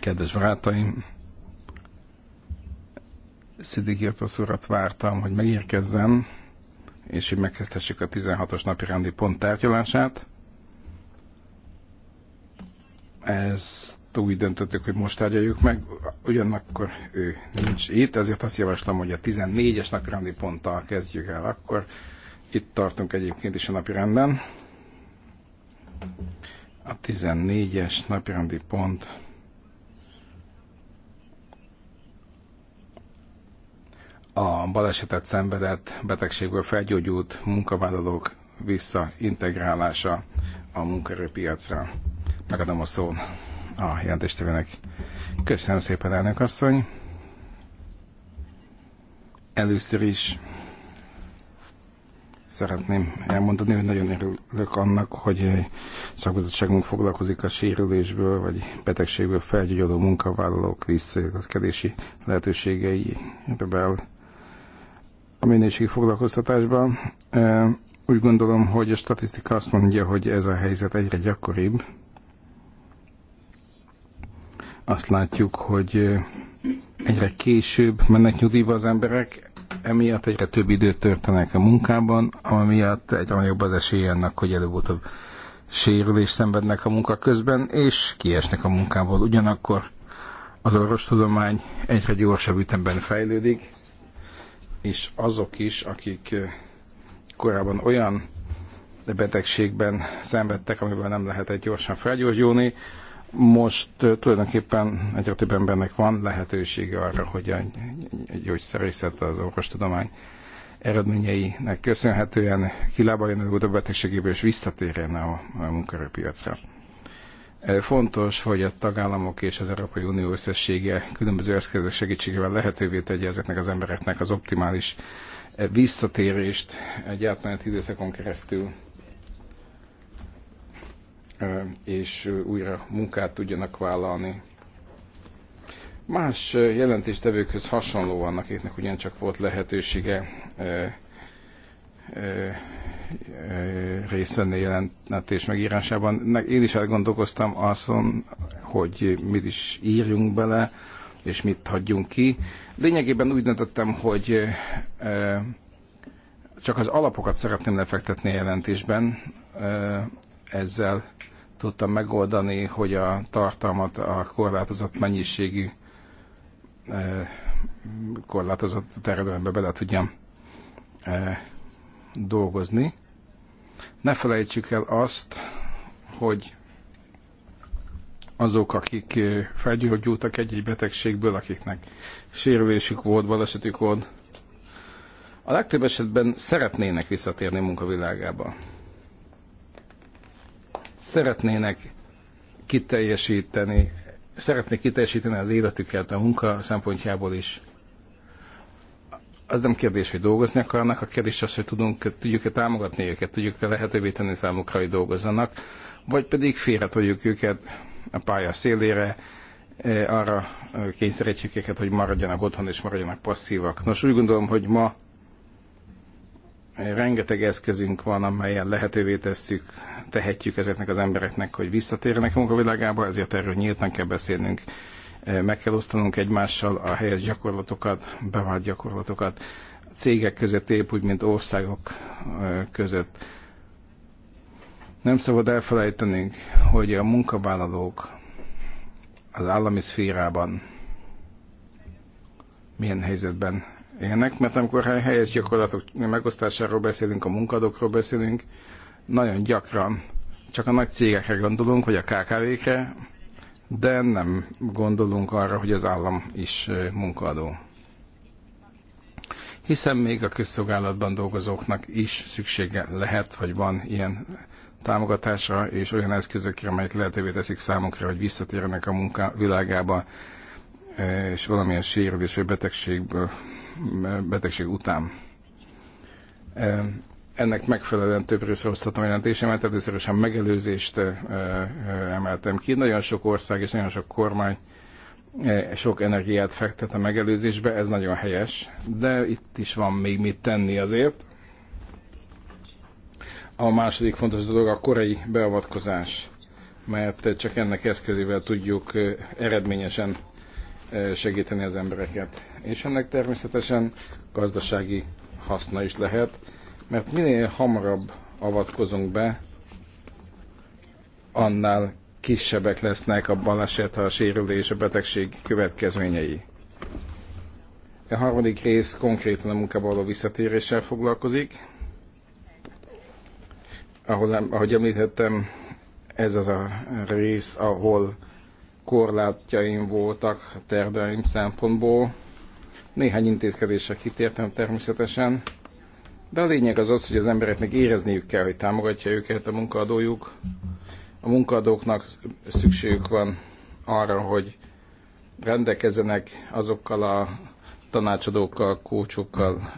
Kedves barátaim, Szidik Irtosz urat vártam, hogy megérkezzen, és hogy megkezdhessük a 16-os napi rendi pont tárgyalását. Ezt úgy döntöttük, hogy most tárgyaljuk meg, ugyanakkor ő nincs itt, ezért azt javaslom, hogy a 14-es napi rendi ponttal kezdjük el akkor. Itt tartunk egyébként is a napi renden. A 14-es napirendi pont a balesetet szenvedett, betegségből felgyógyult munkavállalók visszaintegrálása a munkaerőpiacra. Megadom a szót a jelentéstevének. Köszönöm szépen, elnök asszony! Először is szeretném elmondani, hogy nagyon örülök annak, hogy szakbizottságunk foglalkozik a sérülésből vagy betegségből felgyógyuló munkavállalók visszaigazkedési lehetőségeivel a minőségi foglalkoztatásban. Úgy gondolom, hogy a statisztika azt mondja, hogy ez a helyzet egyre gyakoribb. Azt látjuk, hogy egyre később mennek nyugdíjba az emberek, emiatt egyre több időt törtenek a munkában, amiatt egy egyre nagyobb az esély annak, hogy előbb-utóbb sérülést szenvednek a munka közben, és kiesnek a munkából. Ugyanakkor az orvostudomány egyre gyorsabb ütemben fejlődik, és azok is, akik korábban olyan betegségben szenvedtek, amivel nem lehet egy gyorsan felgyógyulni, most tulajdonképpen egyre több embernek van lehetősége arra, hogy a gyógyszerészet, az orvostudomány eredményeinek köszönhetően kilábaljon a betegségéből és visszatérjen a, a munkaerőpiacra. Fontos, hogy a tagállamok és az Európai Unió összessége különböző eszközök segítségével lehetővé tegye ezeknek az embereknek az optimális visszatérést egy átmeneti időszakon keresztül és újra munkát tudjanak vállalni. Más jelentéstevőkhöz hasonlóan, akiknek ugyancsak volt lehetősége részt venni jelentés megírásában. Én is elgondolkoztam azon, hogy mit is írjunk bele, és mit hagyjunk ki. Lényegében úgy döntöttem, hogy csak az alapokat szeretném lefektetni a jelentésben, ezzel tudtam megoldani, hogy a tartalmat a korlátozott mennyiségű e, korlátozott terjedelembe bele tudjam e, dolgozni. Ne felejtsük el azt, hogy azok, akik e, felgyógyultak egy-egy betegségből, akiknek sérülésük volt, balesetük volt, a legtöbb esetben szeretnének visszatérni munkavilágába szeretnének kiteljesíteni, szeretnék kiteljesíteni az életüket a munka szempontjából is. Az nem kérdés, hogy dolgozni akarnak, a kérdés az, hogy tudunk, tudjuk-e támogatni őket, tudjuk-e lehetővé tenni számukra, hogy dolgozzanak, vagy pedig félretoljuk őket a pálya szélére, e, arra kényszerítjük őket, hogy maradjanak otthon és maradjanak passzívak. Nos, úgy gondolom, hogy ma rengeteg eszközünk van, amelyen lehetővé tesszük, tehetjük ezeknek az embereknek, hogy visszatérjenek a munkavilágába, ezért erről nyíltan kell beszélnünk, e, meg kell osztanunk egymással a helyes gyakorlatokat, bevált gyakorlatokat, cégek között épp úgy, mint országok e, között. Nem szabad elfelejtenünk, hogy a munkavállalók az állami szférában milyen helyzetben élnek, mert amikor helyes gyakorlatok megosztásáról beszélünk, a munkadokról beszélünk, nagyon gyakran csak a nagy cégekre gondolunk, vagy a KKV-kre, de nem gondolunk arra, hogy az állam is munkadó. Hiszen még a közszolgálatban dolgozóknak is szüksége lehet, hogy van ilyen támogatásra és olyan eszközökre, amelyek lehetővé teszik számukra, hogy visszatérnek a munka világába, és valamilyen sérülés vagy betegségből betegség után. Ennek megfelelően több részre hoztatom jelentésemet, először is a megelőzést emeltem ki. Nagyon sok ország és nagyon sok kormány sok energiát fektet a megelőzésbe, ez nagyon helyes, de itt is van még mit tenni azért. A második fontos dolog a korai beavatkozás, mert csak ennek eszközével tudjuk eredményesen segíteni az embereket. És ennek természetesen gazdasági haszna is lehet, mert minél hamarabb avatkozunk be, annál kisebbek lesznek a baleset, a sérülés, a betegség következményei. A e harmadik rész konkrétan a munkába való visszatéréssel foglalkozik. Ahol, ahogy említettem, ez az a rész, ahol korlátjaim voltak terveim szempontból, néhány intézkedésre kitértem természetesen, de a lényeg az az, hogy az embereknek érezniük kell, hogy támogatja őket a munkaadójuk. A munkaadóknak szükségük van arra, hogy rendelkezzenek azokkal a tanácsadókkal, kócsokkal,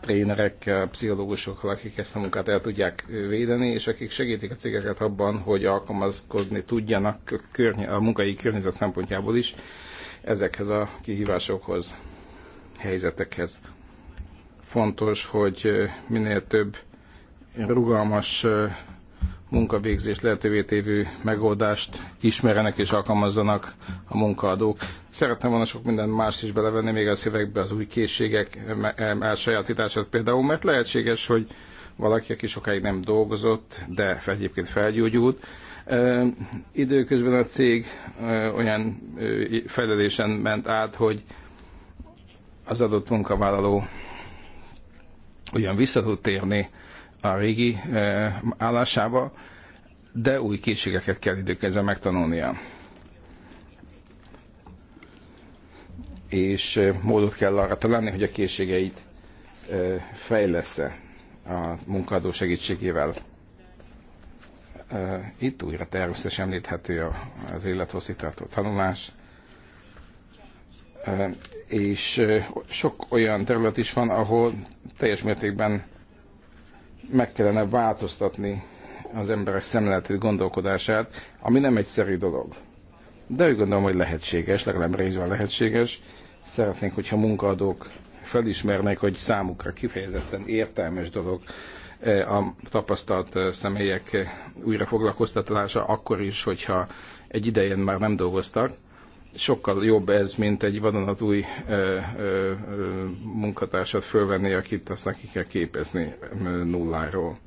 trénerekkel, pszichológusokkal, akik ezt a munkát el tudják védeni, és akik segítik a cégeket abban, hogy alkalmazkodni tudjanak a munkai környezet szempontjából is ezekhez a kihívásokhoz helyzetekhez. Fontos, hogy minél több rugalmas munkavégzés lehetővé tévő megoldást ismerenek és alkalmazzanak a munkaadók. Szeretném volna sok minden más is belevenni még a szövegbe az új készségek elsajátítását például, mert lehetséges, hogy valaki, aki sokáig nem dolgozott, de egyébként felgyógyult, időközben a cég olyan fejlődésen ment át, hogy az adott munkavállaló ugyan vissza tud térni a régi eh, állásába, de új készségeket kell időközben megtanulnia. És eh, módot kell arra találni, hogy a készségeit eh, fejlesz -e a munkadó segítségével. Itt újra természetesen említhető az élethosszítató tanulás, és sok olyan terület is van, ahol teljes mértékben meg kellene változtatni az emberek szemléletét, gondolkodását, ami nem egyszerű dolog. De úgy gondolom, hogy lehetséges, legalább részben lehetséges. Szeretnénk, hogyha munkaadók felismernek, hogy számukra kifejezetten értelmes dolog a tapasztalt személyek újrafoglalkoztatása, akkor is, hogyha egy idején már nem dolgoztak, sokkal jobb ez, mint egy vadonatúj ö, ö, munkatársat fölvenni, akit azt neki kell képezni nulláról.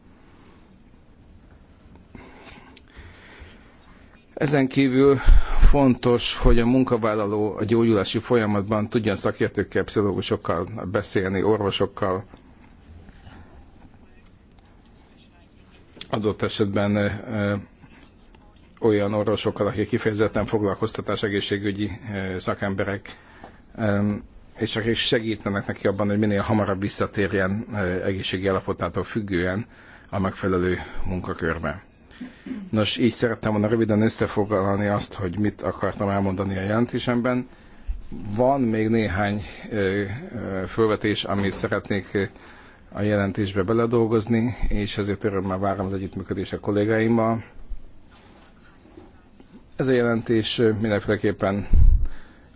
Ezen kívül fontos, hogy a munkavállaló a gyógyulási folyamatban tudjon szakértőkkel, pszichológusokkal beszélni, orvosokkal, adott esetben olyan orvosokkal, akik kifejezetten foglalkoztatás egészségügyi eh, szakemberek, és akik segítenek neki abban, hogy minél hamarabb visszatérjen eh, egészségi állapotától függően a megfelelő munkakörbe. Nos, így szerettem volna röviden összefoglalni azt, hogy mit akartam elmondani a jelentésemben. Van még néhány eh, fölvetés, amit szeretnék a jelentésbe beledolgozni, és ezért örömmel várom az együttműködést a kollégáimmal ez a jelentés mindenféleképpen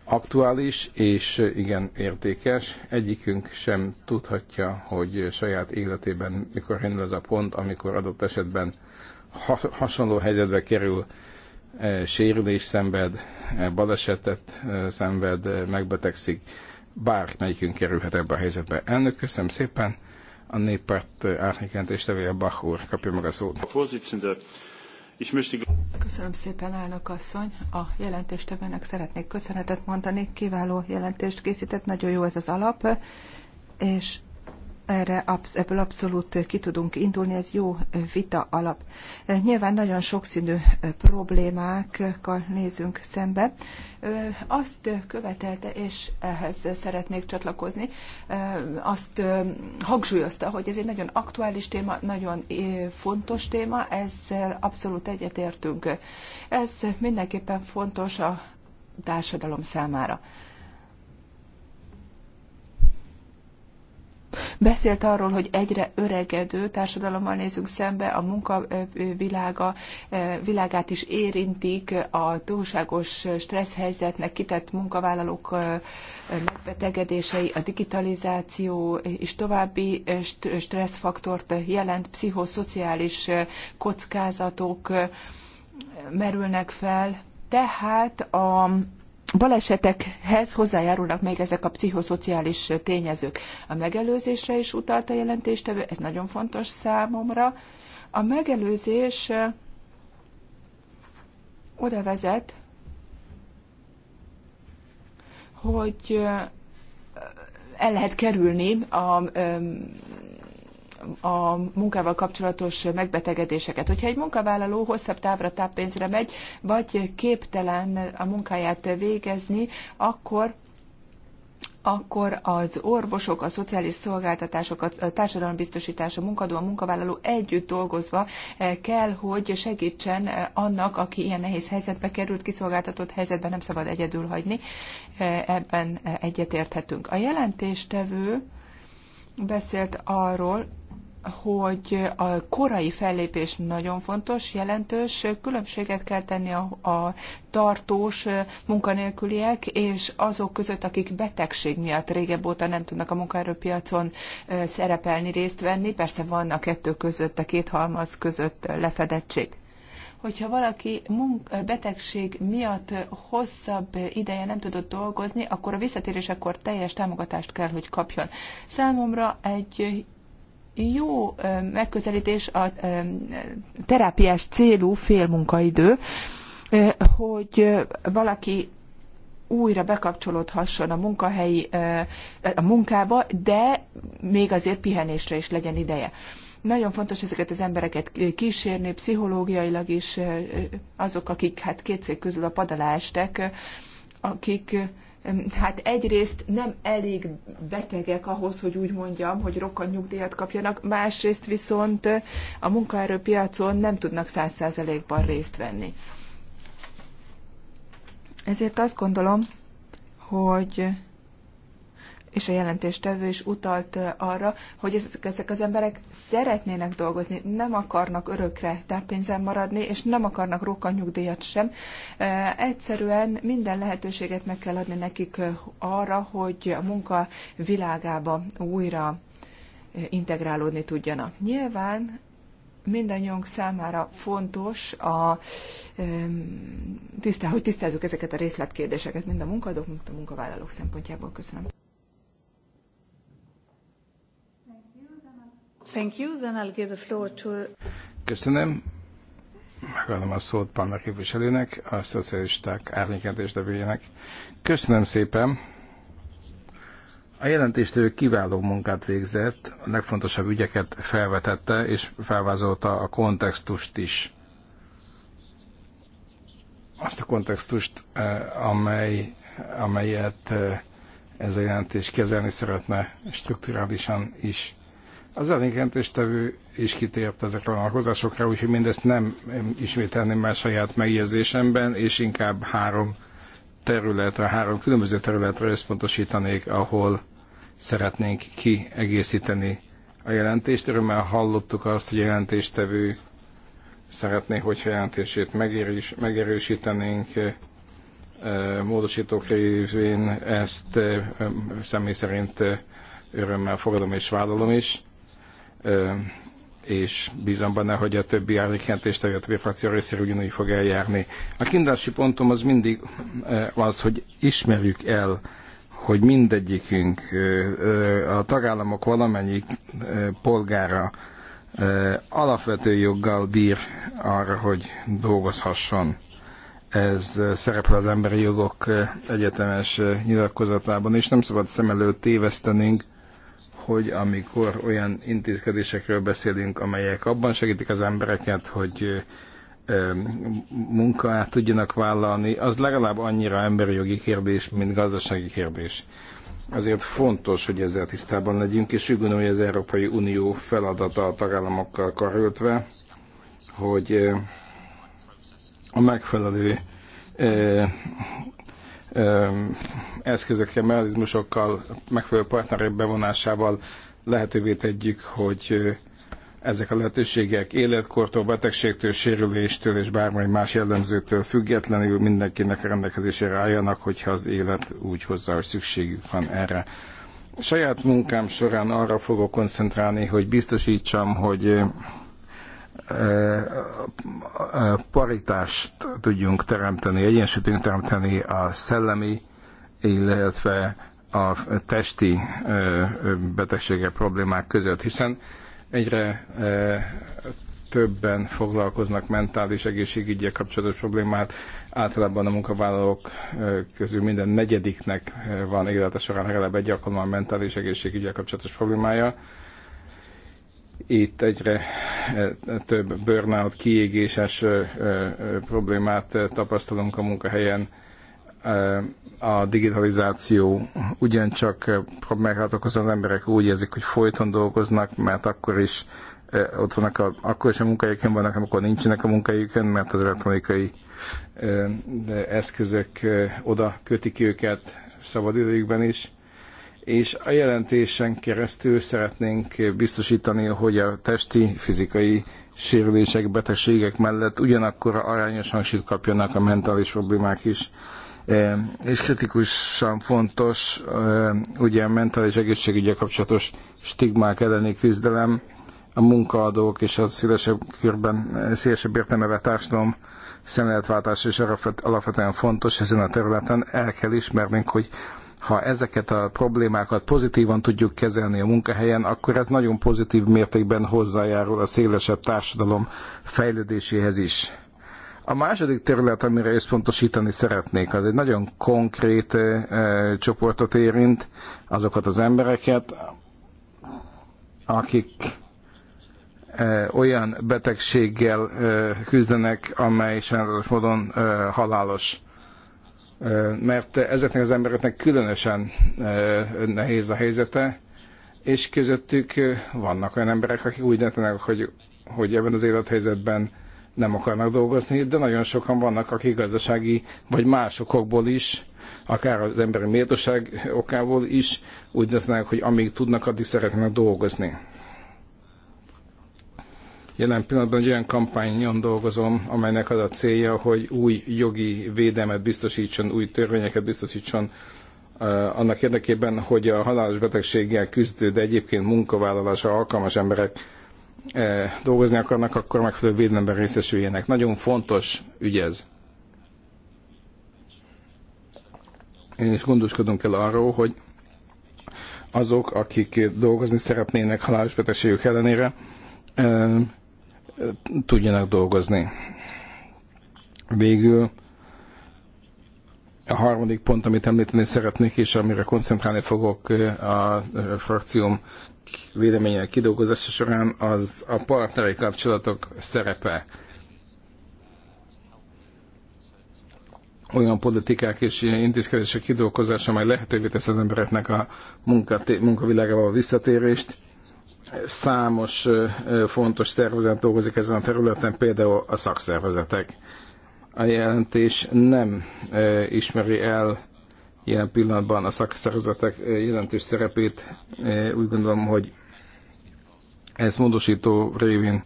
aktuális és igen értékes. Egyikünk sem tudhatja, hogy saját életében mikor rendel ez a pont, amikor adott esetben hasonló helyzetbe kerül, sérülés szenved, balesetet szenved, megbetegszik, bármelyikünk kerülhet ebbe a helyzetbe. Elnök, köszönöm szépen! A néppárt árnyékentéstevője Bach úr kapja meg a szót. Köszönöm szépen, elnök asszony. A jelentéstevőnek szeretnék köszönetet mondani. Kiváló jelentést készített, nagyon jó ez az alap, és erre, ebből abszolút ki tudunk indulni, ez jó vita alap. Eh, nyilván nagyon sokszínű eh, problémákkal nézünk szembe. Azt követelte, és ehhez szeretnék csatlakozni, eh, azt hangsúlyozta, hogy ez egy nagyon aktuális téma, nagyon fontos téma, ezzel abszolút egyetértünk. Ez mindenképpen fontos a társadalom számára. Beszélt arról, hogy egyre öregedő társadalommal nézünk szembe, a munka világa, világát is érintik, a túlságos stressz helyzetnek kitett munkavállalók megbetegedései, a digitalizáció is további stresszfaktort jelent, pszichoszociális kockázatok merülnek fel, tehát a balesetekhez hozzájárulnak még ezek a pszichoszociális tényezők. A megelőzésre is utalt a jelentéstevő, ez nagyon fontos számomra. A megelőzés oda vezet, hogy el lehet kerülni a a munkával kapcsolatos megbetegedéseket. Hogyha egy munkavállaló hosszabb távra táppénzre megy, vagy képtelen a munkáját végezni, akkor akkor az orvosok, a szociális szolgáltatások, a társadalombiztosítás, a munkadó, a munkavállaló együtt dolgozva eh, kell, hogy segítsen eh, annak, aki ilyen nehéz helyzetbe került, kiszolgáltatott helyzetben nem szabad egyedül hagyni. Eh, ebben egyetérthetünk. A jelentéstevő beszélt arról, hogy a korai fellépés nagyon fontos, jelentős, különbséget kell tenni a, a tartós munkanélküliek és azok között, akik betegség miatt régebb óta nem tudnak a munkaerőpiacon szerepelni, részt venni. Persze van a kettő között, a két halmaz között lefedettség hogyha valaki munk- betegség miatt hosszabb ideje nem tudott dolgozni, akkor a visszatérésekor teljes támogatást kell, hogy kapjon. Számomra egy jó megközelítés a terápiás célú félmunkaidő, hogy valaki újra bekapcsolódhasson a munkahelyi, a munkába, de még azért pihenésre is legyen ideje. Nagyon fontos ezeket az embereket kísérni, pszichológiailag is azok, akik hát két közül a padalástek, akik hát egyrészt nem elég betegek ahhoz, hogy úgy mondjam, hogy rokkan nyugdíjat kapjanak, másrészt viszont a munkaerőpiacon nem tudnak száz százalékban részt venni. Ezért azt gondolom, hogy és a jelentéstevő is utalt arra, hogy ezek, ezek az emberek szeretnének dolgozni, nem akarnak örökre tápénzen maradni, és nem akarnak rokanyugdíjat sem. Egyszerűen minden lehetőséget meg kell adni nekik arra, hogy a munka világába újra integrálódni tudjanak. Nyilván mindannyiunk számára fontos, a, tisztá, hogy tisztázzuk ezeket a részletkérdéseket, mind a munkadók, mind a munkavállalók szempontjából. Köszönöm. Thank you. Then I'll give the floor to... Köszönöm. Megadom a szót Panna képviselőnek, a szocialisták árnyékedés devőjének. Köszönöm szépen. A jelentéstől kiváló munkát végzett, a legfontosabb ügyeket felvetette, és felvázolta a kontextust is azt a kontextust, eh, amely, amelyet eh, ez a jelentés kezelni szeretne strukturálisan is. Az elégentéstevő is kitért ezekre a vállalkozásokra, úgyhogy mindezt nem ismételném már saját megjegyzésemben, és inkább három területre, három különböző területre összpontosítanék, ahol szeretnénk kiegészíteni a jelentést. Örömmel hallottuk azt, hogy a jelentéstevő szeretné, hogyha jelentését megérős, megerősítenénk eh, módosítók révén ezt eh, személy szerint eh, örömmel fogadom és vállalom is és bízom benne, hogy a többi árnyékjelentést, a többi frakció részéről ugyanúgy fog eljárni. A kiindulási pontom az mindig az, hogy ismerjük el, hogy mindegyikünk, a tagállamok valamennyi polgára alapvető joggal bír arra, hogy dolgozhasson. Ez szerepel az emberi jogok egyetemes nyilatkozatában, és nem szabad szem előtt tévesztenünk, hogy amikor olyan intézkedésekről beszélünk, amelyek abban segítik az embereket, hogy munkát tudjanak vállalni, az legalább annyira emberi jogi kérdés, mint gazdasági kérdés. Azért fontos, hogy ezzel tisztában legyünk, és úgy gondolom, hogy az Európai Unió feladata a tagállamokkal karöltve, hogy a megfelelő eszközökkel, mechanizmusokkal, megfelelő partnerek bevonásával lehetővé tegyük, hogy ezek a lehetőségek életkortól, betegségtől, sérüléstől és bármely más jellemzőtől függetlenül mindenkinek a rendelkezésére álljanak, hogyha az élet úgy hozzá, hogy szükségük van erre. saját munkám során arra fogok koncentrálni, hogy biztosítsam, hogy paritást tudjunk teremteni, egyensúlyt tudjunk teremteni a szellemi, illetve a testi betegségek problémák között, hiszen egyre többen foglalkoznak mentális egészségügyel kapcsolatos problémát. Általában a munkavállalók közül minden negyediknek van élete során legalább egy alkalommal mentális egészségügyel kapcsolatos problémája. Itt egyre e, több burnout, kiégéses e, e, problémát tapasztalunk a munkahelyen. A digitalizáció ugyancsak problémákat okoz az emberek úgy érzik, hogy folyton dolgoznak, mert akkor is ott vannak, a, akkor is a munkahelyükön vannak, amikor nincsenek a munkahelyükön, mert az elektronikai eszközök oda kötik őket szabadidőjükben is és a jelentésen keresztül szeretnénk biztosítani, hogy a testi, fizikai sérülések, betegségek mellett ugyanakkor arányos hangsúlyt kapjanak a mentális problémák is. E, és kritikusan fontos e, ugye a mentális egészségügyek kapcsolatos stigmák elleni küzdelem, a munkaadók és a szélesebb körben, szélesebb értelmeve társadalom szemléletváltás is alapvetően fontos ezen a területen. El kell ismernünk, hogy ha ezeket a problémákat pozitívan tudjuk kezelni a munkahelyen, akkor ez nagyon pozitív mértékben hozzájárul a szélesebb társadalom fejlődéséhez is. A második terület, amire összpontosítani szeretnék, az egy nagyon konkrét e, csoportot érint, azokat az embereket, akik e, olyan betegséggel e, küzdenek, amely sajnálatos módon e, halálos mert ezeknek az embereknek különösen nehéz a helyzete, és közöttük vannak olyan emberek, akik úgy döntenek, hogy, hogy ebben az élethelyzetben nem akarnak dolgozni, de nagyon sokan vannak, akik gazdasági vagy más okokból is, akár az emberi méltóság okából is úgy döntenek, hogy amíg tudnak, addig szeretnének dolgozni. Jelen pillanatban egy olyan kampányon dolgozom, amelynek az a célja, hogy új jogi védelmet biztosítson, új törvényeket biztosítson eh, annak érdekében, hogy a halálos betegséggel küzdő, de egyébként munkavállalásra alkalmas emberek eh, dolgozni akarnak, akkor megfelelő védelemben részesüljenek. Nagyon fontos ügy ez. Én is gondoskodunk el arról, hogy azok, akik dolgozni szeretnének halálos betegségük ellenére, eh, tudjanak dolgozni. Végül a harmadik pont, amit említeni szeretnék, és amire koncentrálni fogok a frakcióm véleménye kidolgozása során, az a partneri kapcsolatok szerepe. olyan politikák és intézkedések kidolgozása, amely lehetővé tesz az embereknek a munkavilágába a visszatérést, Számos fontos szervezet dolgozik ezen a területen, például a szakszervezetek. A jelentés nem ismeri el ilyen pillanatban a szakszervezetek jelentős szerepét. Úgy gondolom, hogy ez módosító révén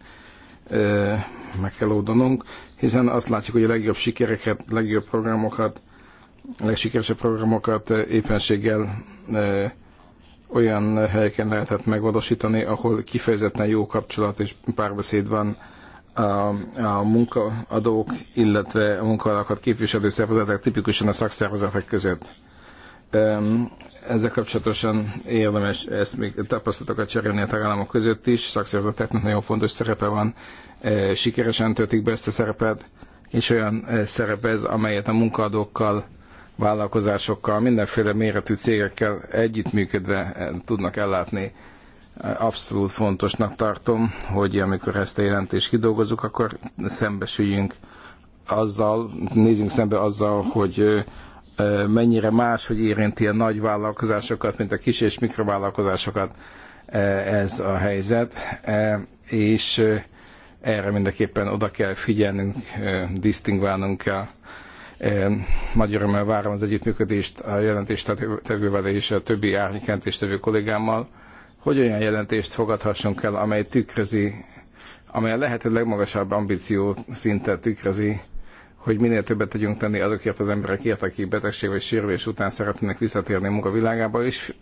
meg kell oldanunk, hiszen azt látjuk, hogy a legjobb sikereket, legjobb programokat, a legsikeresebb programokat éppenséggel olyan helyeken lehetett megvalósítani, ahol kifejezetten jó kapcsolat és párbeszéd van a, a munkaadók, illetve a munkavállalókat képviselő szervezetek, tipikusan a szakszervezetek között. Ezzel kapcsolatosan érdemes ezt még tapasztalatokat cserélni a tagállamok között is, szakszervezeteknek nagyon fontos szerepe van, e, sikeresen töltik be ezt a szerepet, és olyan e, szerep ez, amelyet a munkaadókkal vállalkozásokkal, mindenféle méretű cégekkel együttműködve eh, tudnak ellátni. Eh, abszolút fontosnak tartom, hogy amikor ezt a jelentést kidolgozunk, akkor szembesüljünk azzal, nézzünk szembe azzal, hogy eh, mennyire más, hogy érinti a nagy vállalkozásokat, mint a kis és mikrovállalkozásokat ez a helyzet, és erre mindenképpen oda kell figyelnünk, disztingválnunk kell nagy örömmel várom az együttműködést a jelentéstevővel és a többi jelentéstevő kollégámmal, hogy olyan jelentést fogadhassunk el, amely tükrözi, amely a lehető legmagasabb ambíció szintet tükrözi, hogy minél többet tegyünk tenni azokért az emberekért, akik betegség vagy sérülés után szeretnének visszatérni a világába, és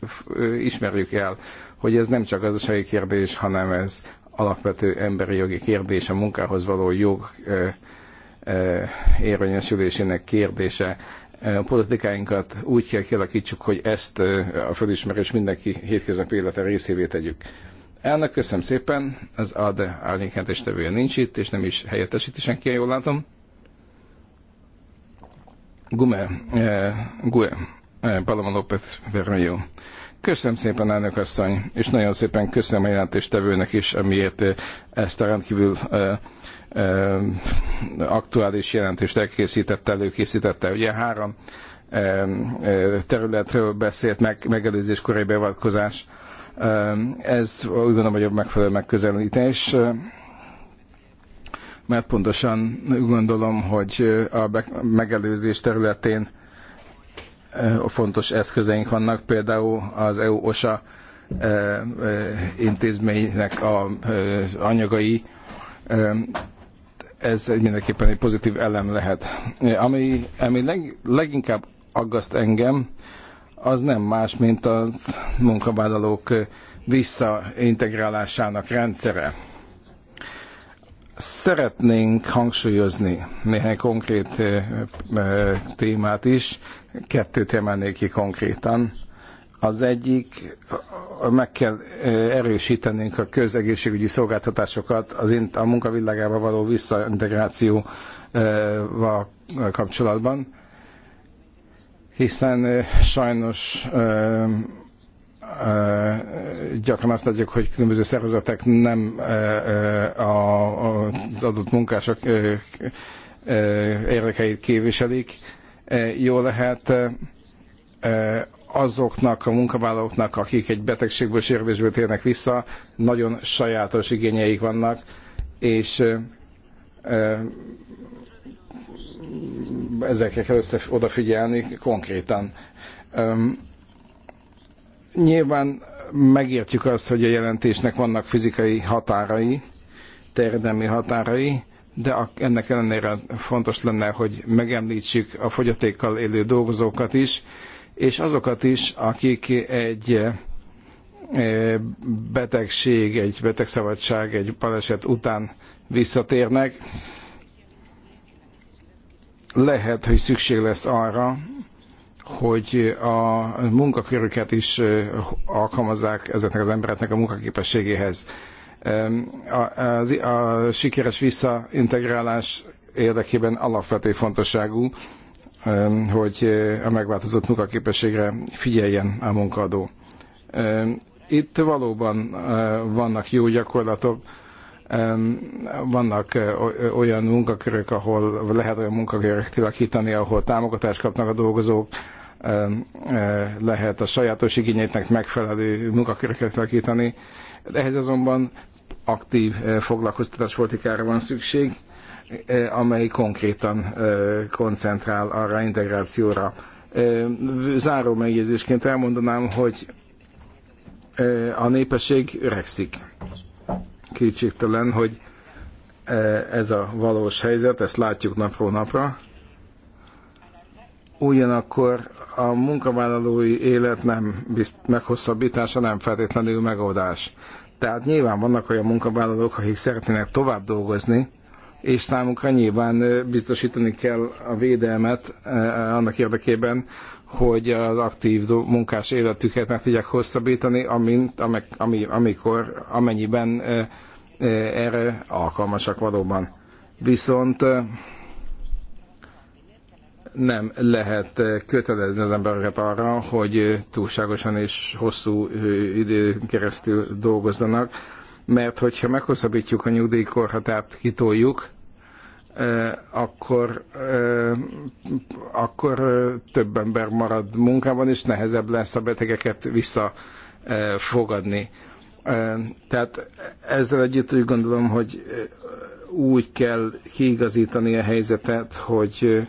ismerjük el, hogy ez nem csak gazdasági kérdés, hanem ez alapvető emberi jogi kérdés, a munkához való jog érvényesülésének kérdése. A politikáinkat úgy kell kialakítsuk, hogy ezt a fölismerés mindenki hétköznapi élete részévé tegyük. Elnök, köszönöm szépen, az AD tevője nincs itt, és nem is helyettesíti senki, jól látom. Gume, eh, Gue, eh, Paloma López Vermelho. Köszönöm szépen, elnök asszony, és nagyon szépen köszönöm a jelentéstevőnek is, amiért ezt a rendkívül eh, aktuális jelentést elkészítette, előkészítette. Ugye három területről beszélt meg, korai beavatkozás. Ez úgy gondolom, hogy a megfelelő megközelítés, mert pontosan gondolom, hogy a megelőzés területén fontos eszközeink vannak, például az EU-OSA intézménynek a anyagai ez mindenképpen egy pozitív elem lehet. Ami, ami leg, leginkább aggaszt engem, az nem más, mint az munkavállalók visszaintegrálásának rendszere. Szeretnénk hangsúlyozni néhány konkrét témát is, kettőt emelnék ki konkrétan. Az egyik, meg kell erősítenünk a közegészségügyi szolgáltatásokat az a munkavilágába való visszaintegrációval kapcsolatban, hiszen sajnos gyakran azt látjuk, hogy különböző szervezetek nem az adott munkások érdekeit képviselik. Jó lehet azoknak a munkavállalóknak, akik egy betegségből, sérülésből térnek vissza, nagyon sajátos igényeik vannak, és ezekre kell össze, odafigyelni konkrétan. Nyilván megértjük azt, hogy a jelentésnek vannak fizikai határai, terjedelmi határai, de ennek ellenére fontos lenne, hogy megemlítsük a fogyatékkal élő dolgozókat is, és azokat is, akik egy eh, betegség, egy betegszabadság, egy baleset után visszatérnek, lehet, hogy szükség lesz arra, hogy a munkakörüket is eh, alkalmazzák ezeknek az embereknek a munkaképességéhez. A, a, a sikeres visszaintegrálás érdekében alapvető fontosságú, hogy eh, a megváltozott munkaképességre figyeljen a munkadó. Itt valóban eh, vannak jó gyakorlatok, vannak eh, olyan munkakörök, ahol lehet olyan munkakörök tilakítani, ahol támogatást kapnak a dolgozók, lehet a sajátos igényeknek megfelelő munkaköröket alakítani. Ehhez azonban aktív foglalkoztatás politikára van szükség, amely konkrétan koncentrál arra integrációra. Záró megjegyzésként elmondanám, hogy a népesség öregszik. Kétségtelen, hogy ez a valós helyzet, ezt látjuk napról napra. Ugyanakkor a munkavállalói élet nem bizt, meghosszabbítása nem feltétlenül megoldás. Tehát nyilván vannak olyan munkavállalók, akik szeretnének tovább dolgozni, és számunkra nyilván biztosítani kell a védelmet annak érdekében, hogy az aktív munkás életüket meg tudják hosszabbítani, amint, ami, amikor, amennyiben erre alkalmasak valóban. Viszont nem lehet kötelezni az embereket arra, hogy túlságosan és hosszú idő keresztül dolgozzanak, mert hogyha meghosszabbítjuk a nyugdíjkorhatárt, kitoljuk, akkor, akkor több ember marad munkában, és nehezebb lesz a betegeket visszafogadni. Tehát ezzel együtt úgy gondolom, hogy úgy kell kiigazítani a helyzetet, hogy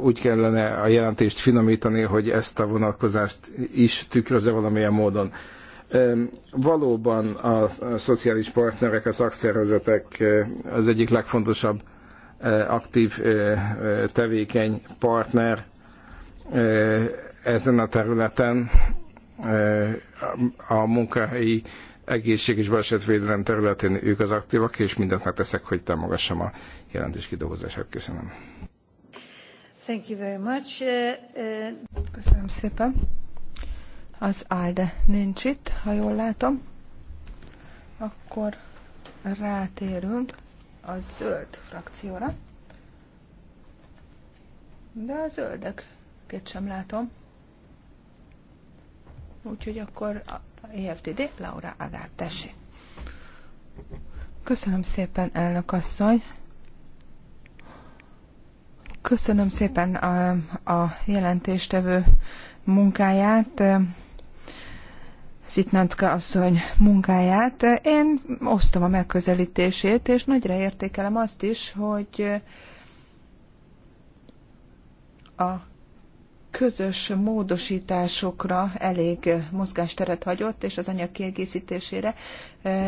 úgy kellene a jelentést finomítani, hogy ezt a vonatkozást is tükrözze valamilyen módon. Valóban a szociális partnerek, a szakszervezetek az egyik legfontosabb aktív, tevékeny partner ezen a területen, a munkahelyi egészség és balesetvédelem területén ők az aktívak, és mindent megteszek, hogy támogassam a jelentés kidolgozását. Köszönöm. Thank you very much. Uh, uh, Köszönöm szépen. Az ALDE nincs itt, ha jól látom. Akkor rátérünk a zöld frakcióra. De a zöldeket sem látom. Úgyhogy akkor a EFTD, Laura Agár, tessék. Köszönöm szépen, elnök asszony. Köszönöm szépen a, a jelentéstevő munkáját. Szitnantka asszony munkáját. Én osztom a megközelítését, és nagyra értékelem azt is, hogy a közös módosításokra elég mozgásteret hagyott, és az anyag kiegészítésére.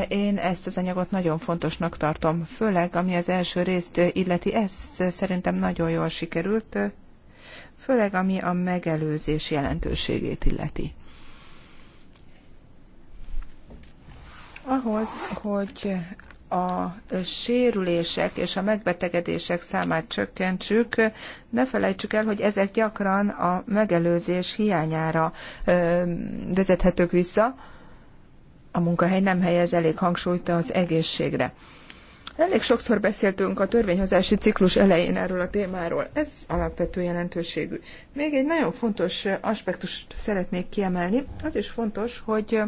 Én ezt az anyagot nagyon fontosnak tartom, főleg ami az első részt illeti, ez szerintem nagyon jól sikerült, főleg ami a megelőzés jelentőségét illeti. Ahhoz, hogy a sérülések és a megbetegedések számát csökkentsük, ne felejtsük el, hogy ezek gyakran a megelőzés hiányára vezethetők vissza. A munkahely nem helyez elég hangsúlyt az egészségre. Elég sokszor beszéltünk a törvényhozási ciklus elején erről a témáról. Ez alapvető jelentőségű. Még egy nagyon fontos aspektust szeretnék kiemelni. Az is fontos, hogy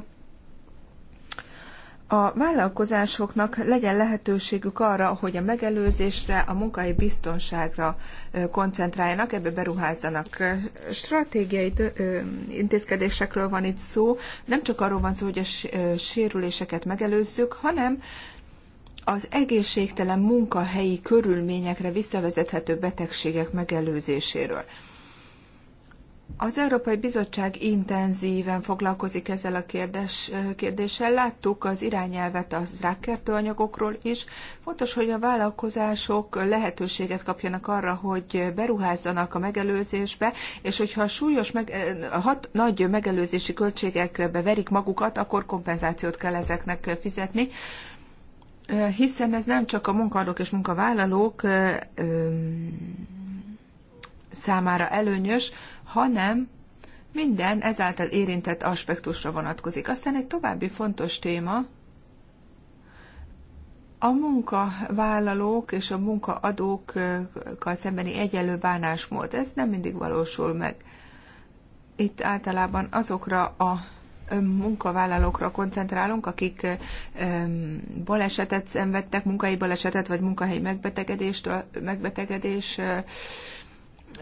a vállalkozásoknak legyen lehetőségük arra, hogy a megelőzésre, a munkai biztonságra koncentráljanak, ebbe beruházzanak. Stratégiai intézkedésekről van itt szó, nem csak arról van szó, hogy a sérüléseket megelőzzük, hanem az egészségtelen munkahelyi körülményekre visszavezethető betegségek megelőzéséről. Az Európai Bizottság intenzíven foglalkozik ezzel a kérdés, kérdéssel. Láttuk az irányelvet a rákkertő anyagokról is. Fontos, hogy a vállalkozások lehetőséget kapjanak arra, hogy beruházzanak a megelőzésbe, és hogyha súlyos meg, hat, nagy megelőzési költségekbe verik magukat, akkor kompenzációt kell ezeknek fizetni hiszen ez nem csak a munkaadók és munkavállalók számára előnyös, hanem minden ezáltal érintett aspektusra vonatkozik. Aztán egy további fontos téma, a munkavállalók és a munkaadókkal szembeni egyenlő bánásmód, ez nem mindig valósul meg. Itt általában azokra a munkavállalókra koncentrálunk, akik balesetet szenvedtek, munkai balesetet vagy munkahelyi megbetegedést, megbetegedés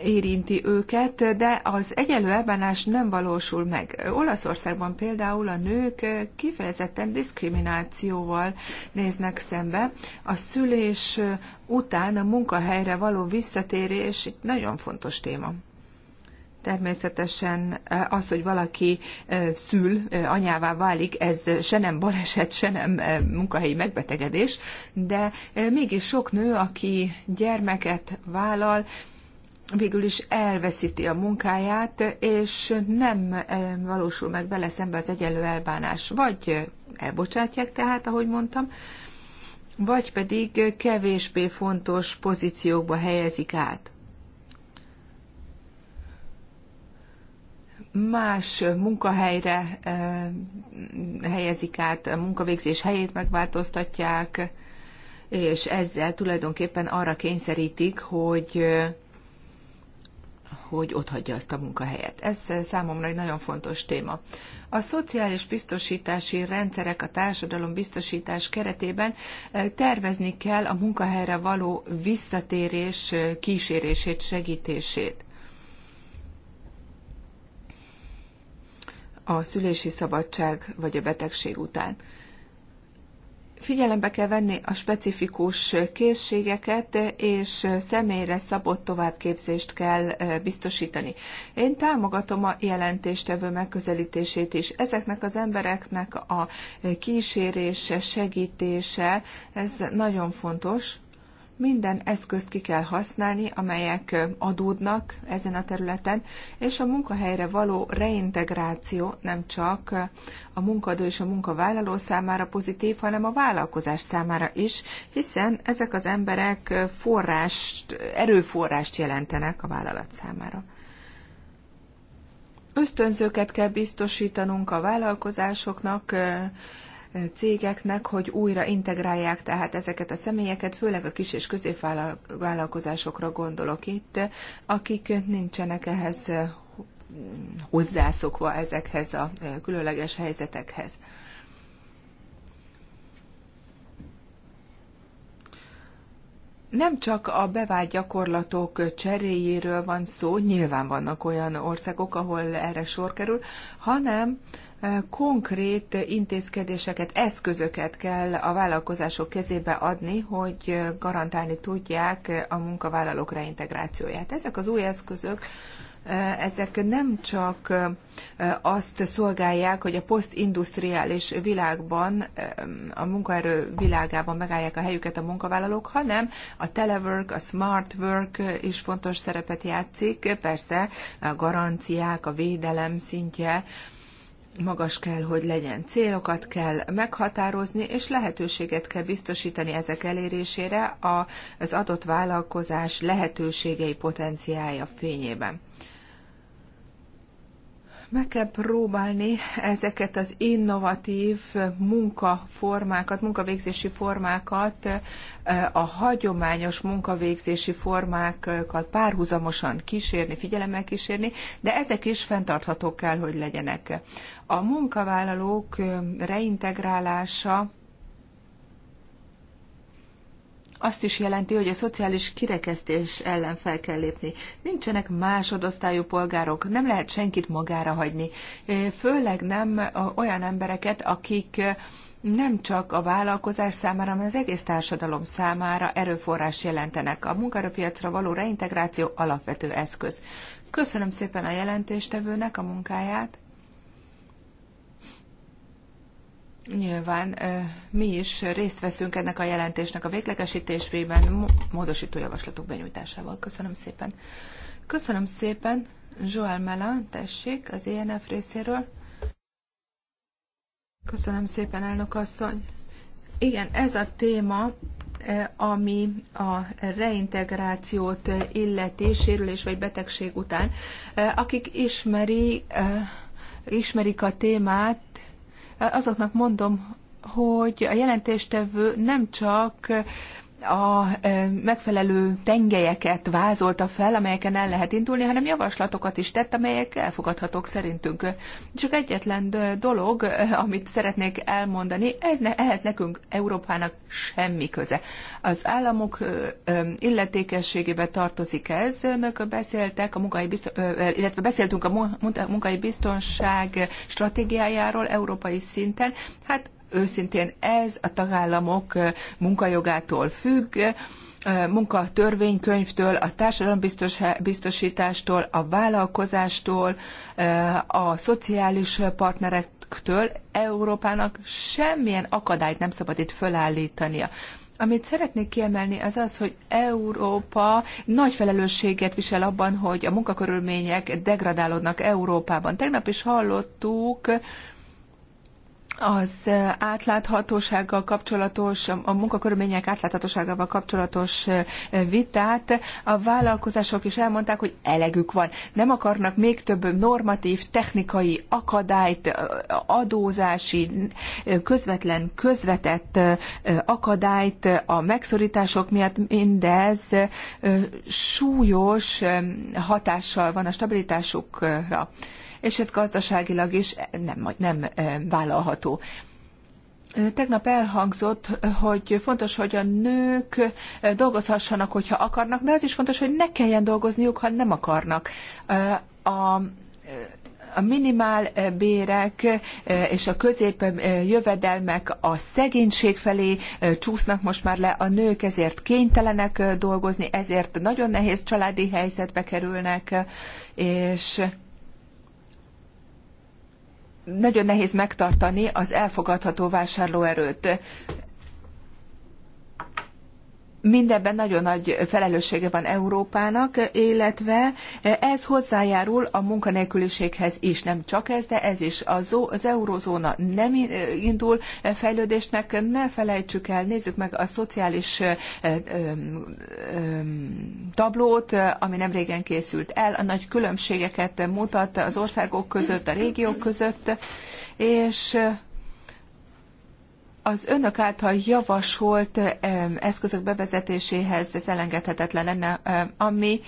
érinti őket, de az egyenlő elbánás nem valósul meg. Olaszországban például a nők kifejezetten diszkriminációval néznek szembe. A szülés után a munkahelyre való visszatérés egy nagyon fontos téma. Természetesen eh, az, hogy valaki eh, szül, eh, anyává válik, ez se nem baleset, se nem munkahelyi megbetegedés, de mégis sok nő, aki gyermeket vállal, végül is elveszíti a munkáját, és nem eh, valósul meg vele szembe az egyenlő elbánás. Vagy eh, elbocsátják tehát, ahogy mondtam, vagy pedig kevésbé fontos pozíciókba helyezik át. Más munkahelyre eh, helyezik át, a munkavégzés helyét megváltoztatják, és ezzel tulajdonképpen arra kényszerítik, hogy hogy ott hagyja azt a munkahelyet. Ez eh, számomra egy nagyon fontos téma. A szociális biztosítási rendszerek a társadalom biztosítás keretében eh, tervezni kell a munkahelyre való visszatérés eh, kísérését, segítését. a szülési szabadság vagy a betegség után. Figyelembe kell venni a specifikus készségeket, és személyre szabott továbbképzést kell biztosítani. Én támogatom a jelentéstevő megközelítését is. Ezeknek az embereknek a kísérése, segítése, ez nagyon fontos. Minden eszközt ki kell használni, amelyek adódnak ezen a területen, és a munkahelyre való reintegráció nem csak a munkadó és a munkavállaló számára pozitív, hanem a vállalkozás számára is, hiszen ezek az emberek forrást, erőforrást jelentenek a vállalat számára ösztönzőket kell biztosítanunk a vállalkozásoknak, cégeknek, hogy újra integrálják tehát ezeket a személyeket, főleg a kis és középvállalkozásokra gondolok itt, akik nincsenek ehhez hozzászokva ezekhez a különleges helyzetekhez. Nem csak a bevált gyakorlatok cseréjéről van szó, nyilván vannak olyan országok, ahol erre sor kerül, hanem konkrét intézkedéseket, eszközöket kell a vállalkozások kezébe adni, hogy garantálni tudják a munkavállalók reintegrációját. Ezek az új eszközök ezek nem csak azt szolgálják, hogy a posztindustriális világban, a munkaerő világában megállják a helyüket a munkavállalók, hanem a telework, a smart work is fontos szerepet játszik, persze a garanciák, a védelem szintje, magas kell, hogy legyen. Célokat kell meghatározni, és lehetőséget kell biztosítani ezek elérésére az adott vállalkozás lehetőségei potenciája fényében meg kell próbálni ezeket az innovatív munkaformákat, munkavégzési formákat eh, a hagyományos munkavégzési formákkal párhuzamosan kísérni, figyelemmel kísérni, de ezek is fenntarthatók kell, hogy legyenek. A munkavállalók eh, reintegrálása azt is jelenti, hogy a szociális kirekesztés ellen fel kell lépni. Nincsenek másodosztályú polgárok, nem lehet senkit magára hagyni, főleg nem olyan embereket, akik nem csak a vállalkozás számára, hanem az egész társadalom számára erőforrás jelentenek. A munkaerőpiacra való reintegráció alapvető eszköz. Köszönöm szépen a jelentéstevőnek a munkáját. Nyilván mi is részt veszünk ennek a jelentésnek a véglegesítésében, módosító javaslatok benyújtásával. Köszönöm szépen. Köszönöm szépen, Joel Mela, tessék, az INF e részéről. Köszönöm szépen, elnök asszony. Igen, ez a téma, ami a reintegrációt illeti, sérülés vagy betegség után. Akik ismeri, ismerik a témát, azoknak mondom, hogy a jelentéstevő nem csak a e, megfelelő tengelyeket vázolta fel, amelyeken el lehet indulni, hanem javaslatokat is tett, amelyek elfogadhatók szerintünk. Csak egyetlen dolog, e, amit szeretnék elmondani, ez ne, ehhez nekünk, Európának semmi köze. Az államok e, illetékességébe tartozik ez. Önök beszéltek, a munkai bizton, illetve beszéltünk a munkai biztonság stratégiájáról európai szinten. Hát őszintén ez a tagállamok munkajogától függ, munkatörvénykönyvtől, a társadalombiztosítástól, a vállalkozástól, a szociális partnerektől Európának semmilyen akadályt nem szabad itt fölállítania. Amit szeretnék kiemelni, az az, hogy Európa nagy felelősséget visel abban, hogy a munkakörülmények degradálódnak Európában. Tegnap is hallottuk, az átláthatósággal kapcsolatos, a munkakörülmények átláthatóságával kapcsolatos vitát. A vállalkozások is elmondták, hogy elegük van. Nem akarnak még több normatív, technikai akadályt, adózási, közvetlen, közvetett akadályt a megszorítások miatt. Mindez súlyos hatással van a stabilitásukra és ez gazdaságilag is nem, nem vállalható. Tegnap elhangzott, hogy fontos, hogy a nők dolgozhassanak, hogyha akarnak, de az is fontos, hogy ne kelljen dolgozniuk, ha nem akarnak. A, a minimál bérek és a közép jövedelmek a szegénység felé csúsznak most már le, a nők ezért kénytelenek dolgozni, ezért nagyon nehéz családi helyzetbe kerülnek, és nagyon nehéz megtartani az elfogadható vásárlóerőt. Mindebben nagyon nagy felelőssége van Európának, illetve ez hozzájárul a munkanélküliséghez is, nem csak ez, de ez is. Az, az eurozóna nem indul fejlődésnek, ne felejtsük el, nézzük meg a szociális tablót, ami nem régen készült el, a nagy különbségeket mutat az országok között, a régiók között, és az önök által javasolt eszközök bevezetéséhez ez elengedhetetlen lenne, ami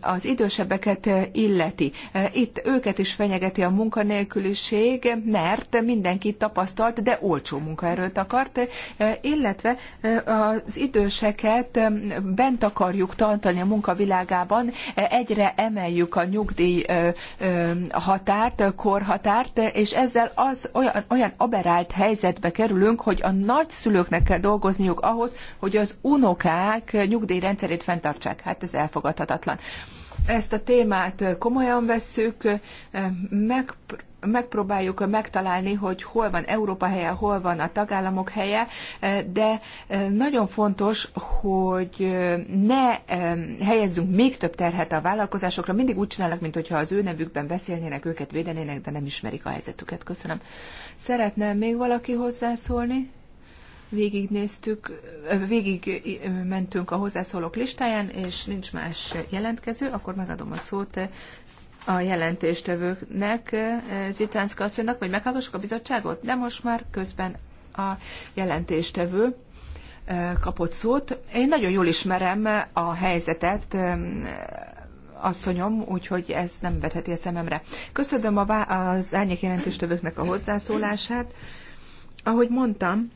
az idősebbeket eh, illeti. Eh, itt őket is fenyegeti a munkanélküliség, mert mindenki tapasztalt, de olcsó munkaerőt akart, eh, illetve az időseket bent akarjuk tartani a munkavilágában, egyre emeljük a nyugdíj határt, korhatárt, és ezzel az olyan, olyan aberált helyzetbe kerül örülünk, hogy a nagyszülőknek kell dolgozniuk ahhoz, hogy az unokák nyugdíjrendszerét fenntartsák. Hát ez elfogadhatatlan. Ezt a témát komolyan vesszük, meg megpróbáljuk megtalálni, hogy hol van Európa helye, hol van a tagállamok helye, de nagyon fontos, hogy ne helyezzünk még több terhet a vállalkozásokra. Mindig úgy csinálnak, mintha az ő nevükben beszélnének, őket védenének, de nem ismerik a helyzetüket. Köszönöm. Szeretne még valaki hozzászólni? végignéztük, végig mentünk a hozzászólók listáján, és nincs más jelentkező, akkor megadom a szót a jelentéstevőknek, eh, Zitánszka asszonynak, vagy meghallgassuk a bizottságot? De most már közben a jelentéstevő eh, kapott szót. Én nagyon jól ismerem a helyzetet, eh, asszonyom, úgyhogy ez nem vetheti a szememre. Köszönöm a az árnyék jelentéstevőknek a hozzászólását. Ahogy mondtam,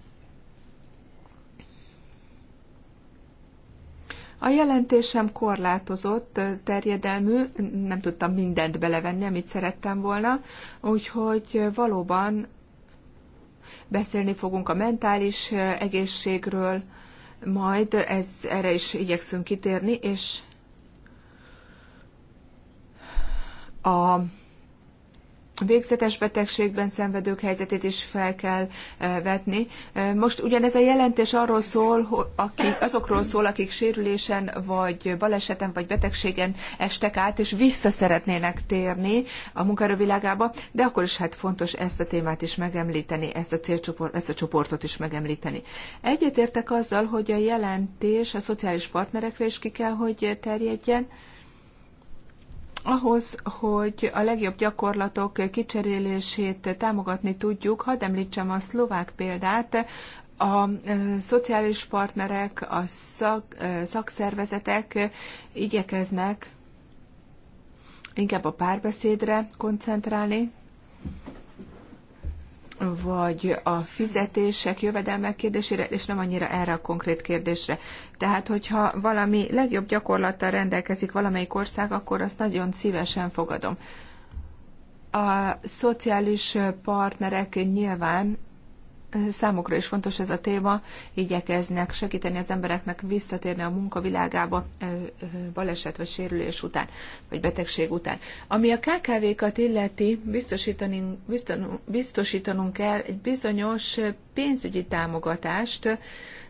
A jelentésem korlátozott, terjedelmű, nem tudtam mindent belevenni, amit szerettem volna, úgyhogy valóban beszélni fogunk a mentális egészségről, majd ez, erre is igyekszünk kitérni, és a végzetes betegségben szenvedők helyzetét is fel kell eh, vetni. Eh, most ugyanez a jelentés arról szól, akik, azokról szól, akik sérülésen, vagy baleseten, vagy betegségen estek át, és vissza szeretnének térni a munkaerő világába, de akkor is hát fontos ezt a témát is megemlíteni, ezt a, célcsoport, ezt a csoportot is megemlíteni. Egyetértek azzal, hogy a jelentés a szociális partnerekre is ki kell, hogy terjedjen, ahhoz, hogy a legjobb gyakorlatok kicserélését támogatni tudjuk, hadd említsem a szlovák példát, a szociális partnerek, a szak, szakszervezetek igyekeznek inkább a párbeszédre koncentrálni, vagy a fizetések, jövedelmek kérdésére, és nem annyira erre a konkrét kérdésre. Tehát, hogyha valami legjobb gyakorlattal rendelkezik valamelyik ország, akkor azt nagyon szívesen fogadom. A szociális partnerek nyilván számukra is fontos ez a téma, igyekeznek segíteni az embereknek visszatérni a munkavilágába baleset vagy sérülés után, vagy betegség után. Ami a KKV-kat illeti, biztosítanunk, biztosítanunk kell egy bizonyos pénzügyi támogatást,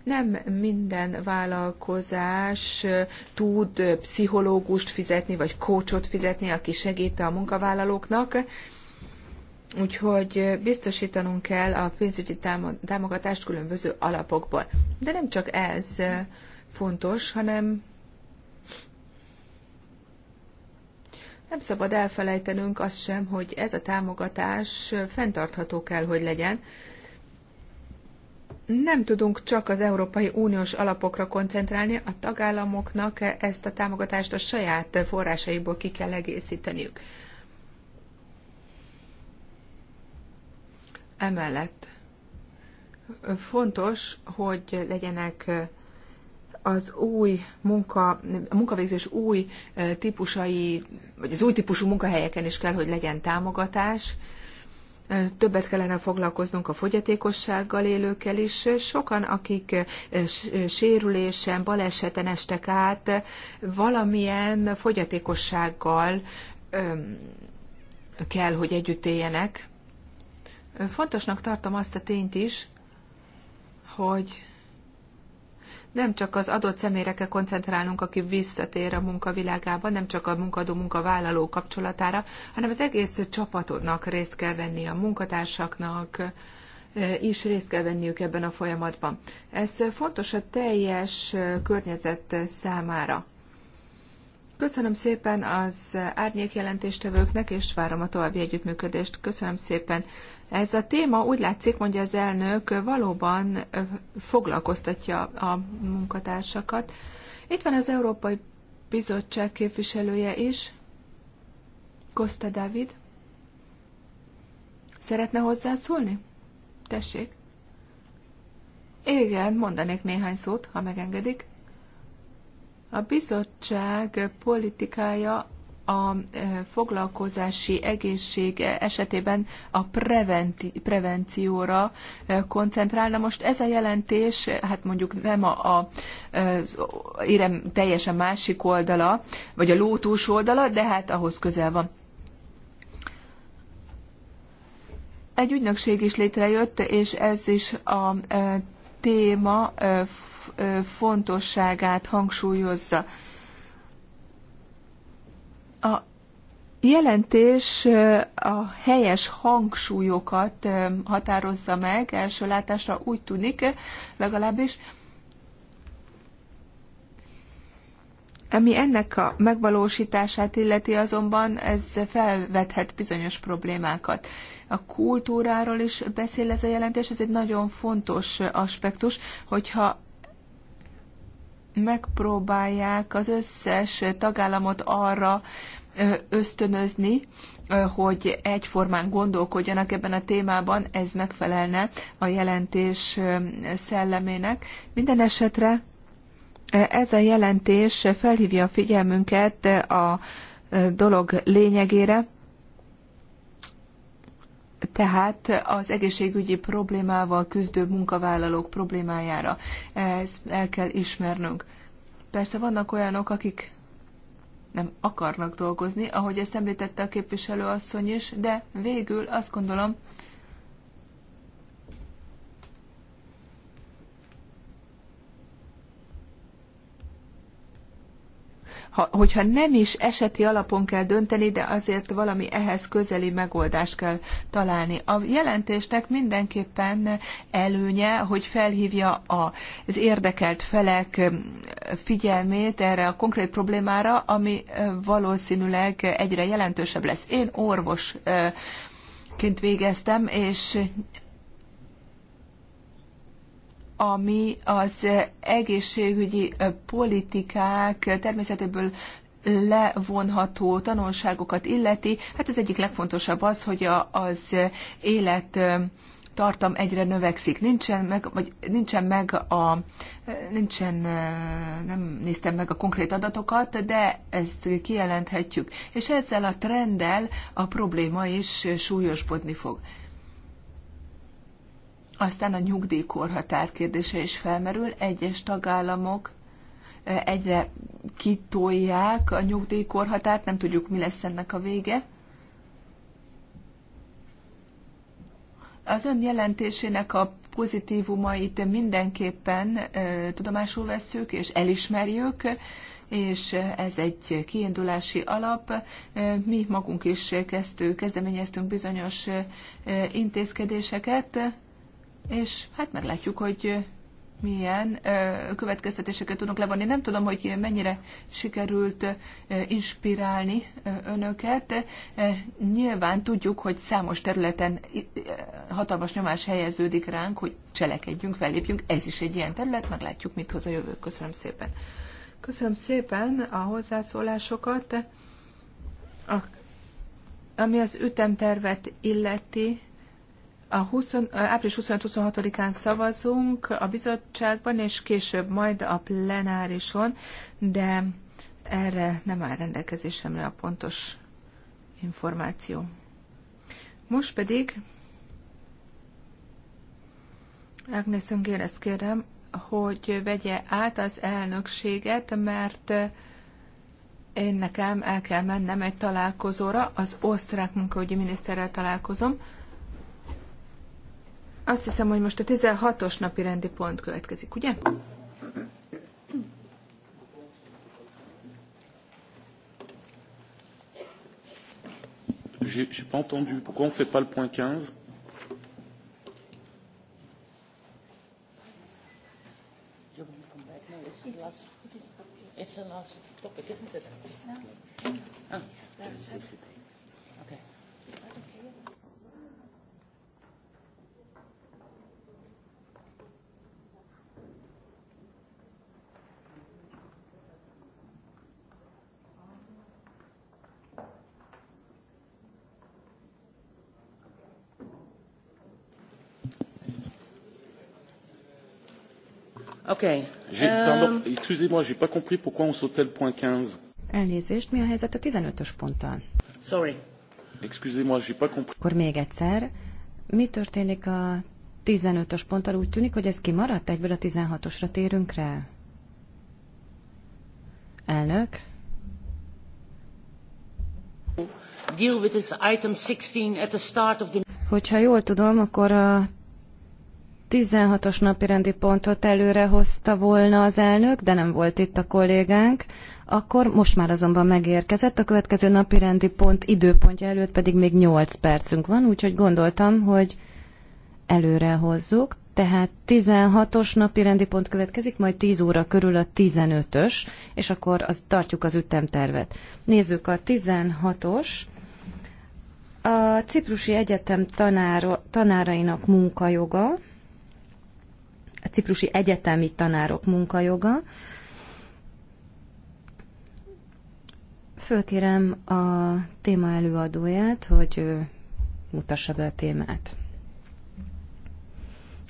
nem minden vállalkozás tud pszichológust fizetni, vagy kócsot fizetni, aki segít a munkavállalóknak, Úgyhogy biztosítanunk kell a pénzügyi támogatást különböző alapokból. De nem csak ez fontos, hanem nem szabad elfelejtenünk azt sem, hogy ez a támogatás fenntartható kell, hogy legyen. Nem tudunk csak az Európai Uniós alapokra koncentrálni, a tagállamoknak e-, ezt a támogatást a saját forrásaiból ki kell egészíteniük. Emellett fontos, hogy legyenek az új munka, munkavégzés új típusai, vagy az új típusú munkahelyeken is kell, hogy legyen támogatás. Többet kellene foglalkoznunk a fogyatékossággal élőkkel is. Sokan, akik sérülésen, baleseten estek át, valamilyen fogyatékossággal kell, hogy együtt éljenek. Fontosnak tartom azt a tényt is, hogy nem csak az adott személyre kell koncentrálnunk, aki visszatér a munkavilágába, nem csak a munkadó munkavállaló kapcsolatára, hanem az egész csapatodnak részt kell venni, a munkatársaknak is részt kell venniük ebben a folyamatban. Ez fontos a teljes környezet számára. Köszönöm szépen az árnyék jelentéstevőknek, és várom a további együttműködést. Köszönöm szépen ez a téma, úgy látszik, mondja az elnök, valóban foglalkoztatja a munkatársakat. Itt van az Európai Bizottság képviselője is, Costa David. Szeretne hozzászólni? Tessék. Igen, mondanék néhány szót, ha megengedik. A bizottság politikája a e, foglalkozási egészség esetében a preventi, prevencióra e, koncentrálna. Most ez a jelentés, hát mondjuk nem a, a e, az érem teljesen másik oldala, vagy a ló oldala, de hát ahhoz közel van. Egy ügynökség is létrejött, és ez is a téma fontosságát hangsúlyozza. A jelentés a helyes hangsúlyokat határozza meg, első látásra úgy tűnik legalábbis, Ami ennek a megvalósítását illeti azonban, ez felvethet bizonyos problémákat. A kultúráról is beszél ez a jelentés, ez egy nagyon fontos aspektus, hogyha megpróbálják az összes tagállamot arra ösztönözni, hogy egyformán gondolkodjanak ebben a témában, ez megfelelne a jelentés szellemének. Minden esetre ez a jelentés felhívja a figyelmünket a dolog lényegére, tehát az egészségügyi problémával küzdő munkavállalók problémájára. Ezt el kell ismernünk. Persze vannak olyanok, akik nem akarnak dolgozni, ahogy ezt említette a képviselő asszony is, de végül azt gondolom, ha, hogyha nem is eseti alapon kell dönteni, de azért valami ehhez közeli megoldást kell találni. A jelentésnek mindenképpen előnye, hogy felhívja az érdekelt felek figyelmét erre a konkrét problémára, ami valószínűleg egyre jelentősebb lesz. Én orvos végeztem, és ami az egészségügyi politikák természetéből levonható tanulságokat illeti, hát az egyik legfontosabb az, hogy a az élet tartam egyre növekszik. Nincsen meg, vagy nincsen meg a, nincsen, nem néztem meg a konkrét adatokat, de ezt kijelenthetjük. És ezzel a trenddel a probléma is súlyosbodni fog. Aztán a nyugdíjkorhatár kérdése is felmerül. Egyes tagállamok egyre kitolják a nyugdíjkorhatárt, nem tudjuk, mi lesz ennek a vége. Az ön jelentésének a pozitívumait mindenképpen tudomásul veszük és elismerjük, és ez egy kiindulási alap. Mi magunk is kezdtük, kezdeményeztünk bizonyos intézkedéseket, és hát meglátjuk, hogy milyen következtetéseket tudunk levonni. Nem tudom, hogy mennyire sikerült inspirálni önöket. Nyilván tudjuk, hogy számos területen hatalmas nyomás helyeződik ránk, hogy cselekedjünk, fellépjünk. Ez is egy ilyen terület, meglátjuk, mit hoz a jövő. Köszönöm szépen. Köszönöm szépen a hozzászólásokat. A, ami az ütemtervet illeti, a 20, április 25-26-án szavazunk a bizottságban, és később majd a plenárison, de erre nem áll rendelkezésemre a pontos információ. Most pedig Agnes Öngérez kérem, hogy vegye át az elnökséget, mert én nekem el kell mennem egy találkozóra, az osztrák munkahogyi miniszterrel találkozom, azt hiszem, hogy most a 16-os napi rendi pont következik, ugye? J'ai pas entendu. Pourquoi on fait pas le point 15 It's Okay. Um... Elnézést, mi a helyzet a 15-ös ponttal? Sorry. Excusez-moi, j'ai pas compris. Akkor még egyszer, mi történik a 15-ös ponttal? Úgy tűnik, hogy ez kimaradt, egyből a 16-osra térünk rá. Elnök. Deal with this item 16 at the start of the... Hogyha jól tudom, akkor a 16-os napirendi pontot előre hozta volna az elnök, de nem volt itt a kollégánk. Akkor most már azonban megérkezett, a következő napirendi pont időpontja előtt pedig még 8 percünk van, úgyhogy gondoltam, hogy előre hozzuk. Tehát 16-os napirendi pont következik, majd 10 óra körül a 15-ös, és akkor az, tartjuk az ütemtervet. Nézzük a 16-os. A Ciprusi Egyetem tanára, tanárainak munkajoga, ciprusi egyetemi tanárok munkajoga. Fölkérem a téma előadóját, hogy mutassa be a témát.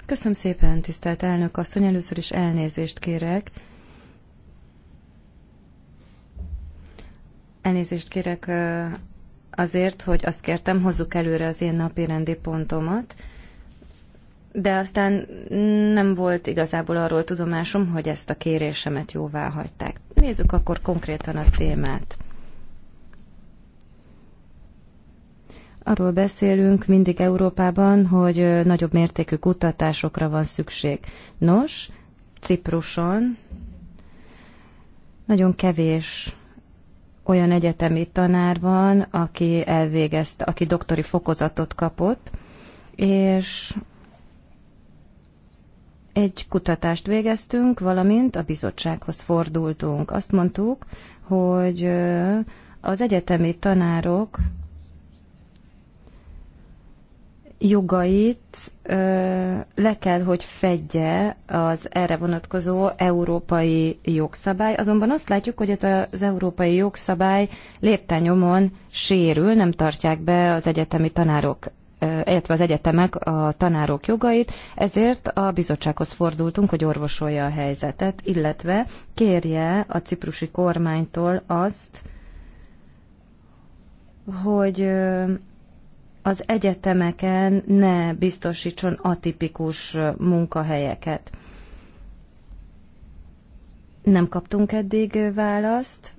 Köszönöm szépen, tisztelt elnök asszony, először is elnézést kérek. Elnézést kérek azért, hogy azt kértem, hozzuk előre az én napi rendi pontomat de aztán nem volt igazából arról tudomásom, hogy ezt a kérésemet jóvá hagyták. Nézzük akkor konkrétan a témát. Arról beszélünk mindig Európában, hogy nagyobb mértékű kutatásokra van szükség. Nos, Cipruson nagyon kevés olyan egyetemi tanár van, aki elvégezte, aki doktori fokozatot kapott, és egy kutatást végeztünk, valamint a bizottsághoz fordultunk. Azt mondtuk, hogy az egyetemi tanárok jogait ö, le kell, hogy fedje az erre vonatkozó európai jogszabály. Azonban azt látjuk, hogy ez az európai jogszabály léptányomon sérül, nem tartják be az egyetemi tanárok illetve az egyetemek a tanárok jogait, ezért a bizottsághoz fordultunk, hogy orvosolja a helyzetet, illetve kérje a ciprusi kormánytól azt, hogy az egyetemeken ne biztosítson atipikus munkahelyeket. Nem kaptunk eddig választ,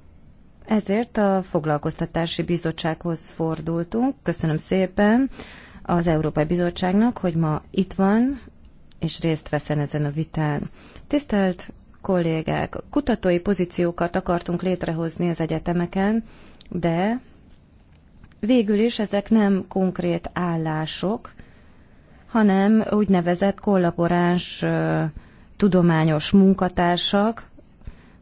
ezért a foglalkoztatási bizottsághoz fordultunk. Köszönöm szépen az Európai Bizottságnak, hogy ma itt van, és részt veszen ezen a vitán. Tisztelt kollégák, kutatói pozíciókat akartunk létrehozni az egyetemeken, de végül is ezek nem konkrét állások, hanem úgynevezett kollaboráns tudományos munkatársak,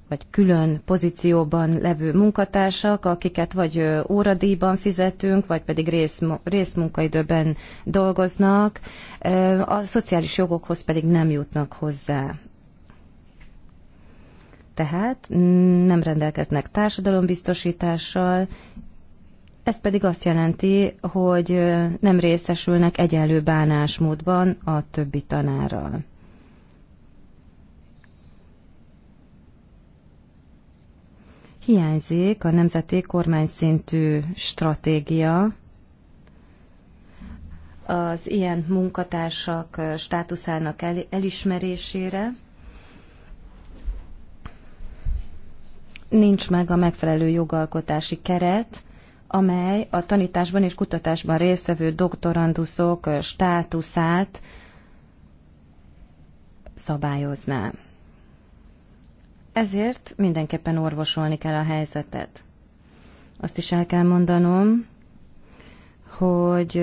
vagy külön pozícióban levő munkatársak, akiket vagy óradíjban fizetünk, vagy pedig rész, részmunkaidőben dolgoznak, a szociális jogokhoz pedig nem jutnak hozzá. Tehát nem rendelkeznek társadalombiztosítással, ez pedig azt jelenti, hogy nem részesülnek egyenlő bánásmódban a többi tanárral. hiányzik a nemzeti kormányszintű stratégia az ilyen munkatársak státuszának elismerésére. Nincs meg a megfelelő jogalkotási keret, amely a tanításban és kutatásban résztvevő doktoranduszok státuszát szabályozná. Ezért mindenképpen orvosolni kell a helyzetet. Azt is el kell mondanom, hogy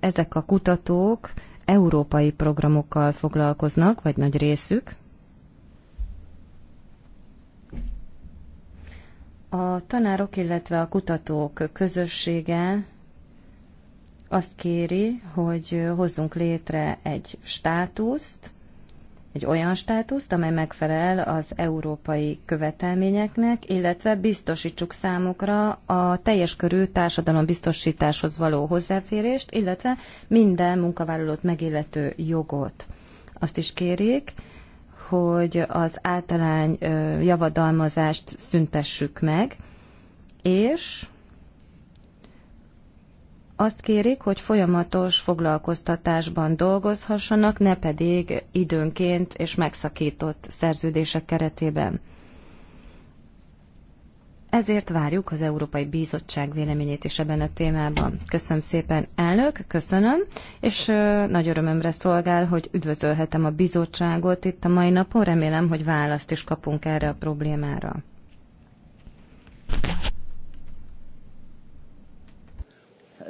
ezek a kutatók európai programokkal foglalkoznak, vagy nagy részük. A tanárok, illetve a kutatók közössége azt kéri, hogy hozzunk létre egy státuszt, egy olyan státuszt, amely megfelel az európai követelményeknek, illetve biztosítsuk számukra a teljes körű társadalombiztosításhoz való hozzáférést, illetve minden munkavállalót megillető jogot. Azt is kérik, hogy az általány javadalmazást szüntessük meg, és azt kérik, hogy folyamatos foglalkoztatásban dolgozhassanak, ne pedig időnként és megszakított szerződések keretében. Ezért várjuk az Európai Bizottság véleményét is ebben a témában. Köszönöm szépen, elnök, köszönöm, és nagy örömömre szolgál, hogy üdvözölhetem a bizottságot itt a mai napon. Remélem, hogy választ is kapunk erre a problémára.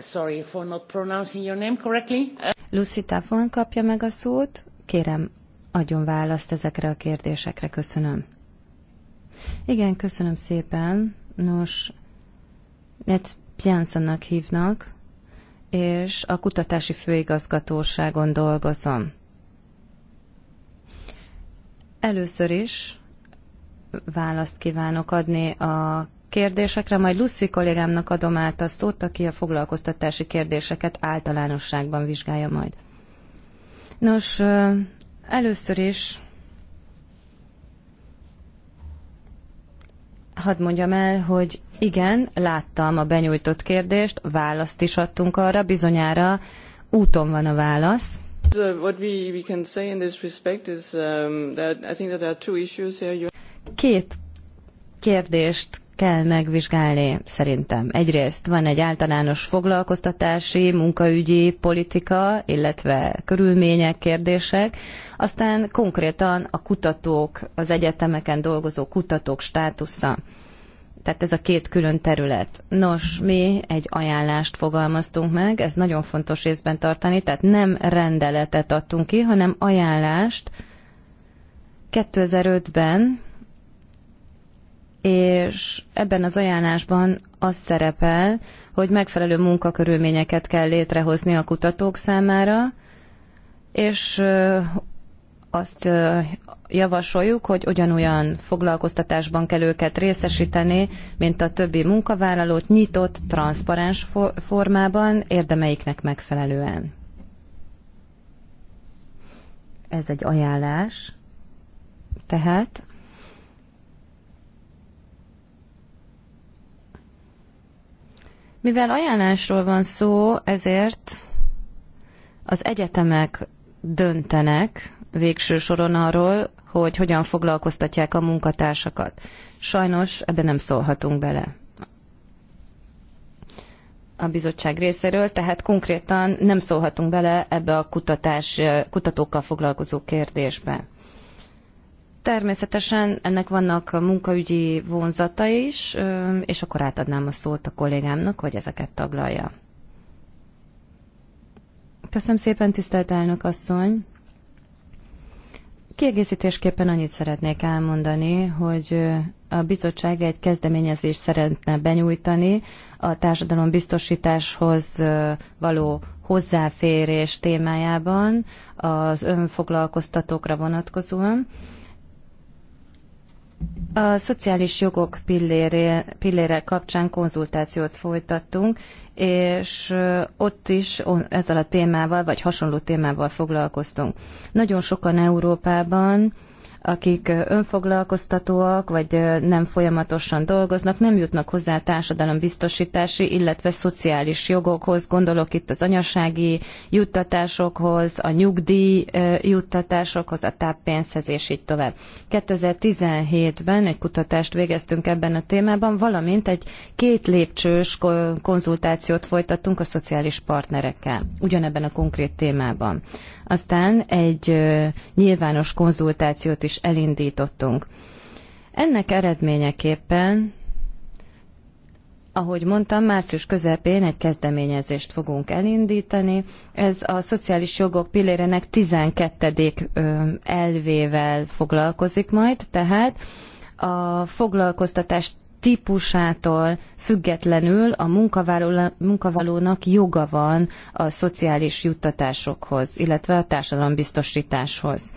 Sorry for not pronouncing your name correctly. Lucy Tafon kapja meg a szót. Kérem, adjon választ ezekre a kérdésekre. Köszönöm. Igen, köszönöm szépen. Nos, Net Piansonnak hívnak, és a kutatási főigazgatóságon dolgozom. Először is választ kívánok adni a kérdésekre, majd Lucy kollégámnak adom át a szót, aki a foglalkoztatási kérdéseket általánosságban vizsgálja majd. Nos, először is hadd mondjam el, hogy igen, láttam a benyújtott kérdést, választ is adtunk arra, bizonyára úton van a válasz. Um, Két kérdést kell megvizsgálni, szerintem. Egyrészt van egy általános foglalkoztatási, munkaügyi politika, illetve körülmények, kérdések, aztán konkrétan a kutatók, az egyetemeken dolgozó kutatók státusza. Tehát ez a két külön terület. Nos, mi egy ajánlást fogalmaztunk meg, ez nagyon fontos részben tartani, tehát nem rendeletet adtunk ki, hanem ajánlást 2005-ben és ebben az ajánlásban az szerepel, hogy megfelelő munkakörülményeket kell létrehozni a kutatók számára, és azt javasoljuk, hogy ugyanolyan foglalkoztatásban kell őket részesíteni, mint a többi munkavállalót nyitott, transzparens formában, érdemeiknek megfelelően. Ez egy ajánlás. Tehát Mivel ajánlásról van szó, ezért az egyetemek döntenek végső soron arról, hogy hogyan foglalkoztatják a munkatársakat. Sajnos ebben nem szólhatunk bele a bizottság részéről, tehát konkrétan nem szólhatunk bele ebbe a kutatás, kutatókkal foglalkozó kérdésbe. Természetesen ennek vannak munkaügyi vonzata is, és akkor átadnám a szót a kollégámnak, hogy ezeket taglalja. Köszönöm szépen, tisztelt elnök asszony! Kiegészítésképpen annyit szeretnék elmondani, hogy a bizottság egy kezdeményezést szeretne benyújtani a társadalom biztosításhoz való hozzáférés témájában az önfoglalkoztatókra vonatkozóan. A szociális jogok pillére, pillére kapcsán konzultációt folytattunk, és ott is ezzel a témával, vagy hasonló témával foglalkoztunk. Nagyon sokan Európában akik önfoglalkoztatóak, vagy nem folyamatosan dolgoznak, nem jutnak hozzá társadalombiztosítási, illetve szociális jogokhoz, gondolok itt az anyasági juttatásokhoz, a nyugdíj juttatásokhoz, a táppénzhez, és így tovább. 2017-ben egy kutatást végeztünk ebben a témában, valamint egy két lépcsős konzultációt folytattunk a szociális partnerekkel, ugyanebben a konkrét témában. Aztán egy nyilvános konzultációt is is elindítottunk. Ennek eredményeképpen, ahogy mondtam, március közepén egy kezdeményezést fogunk elindítani. Ez a szociális jogok pillérenek 12. elvével foglalkozik majd, tehát a foglalkoztatás típusától függetlenül a munkavállalónak joga van a szociális juttatásokhoz, illetve a társadalombiztosításhoz.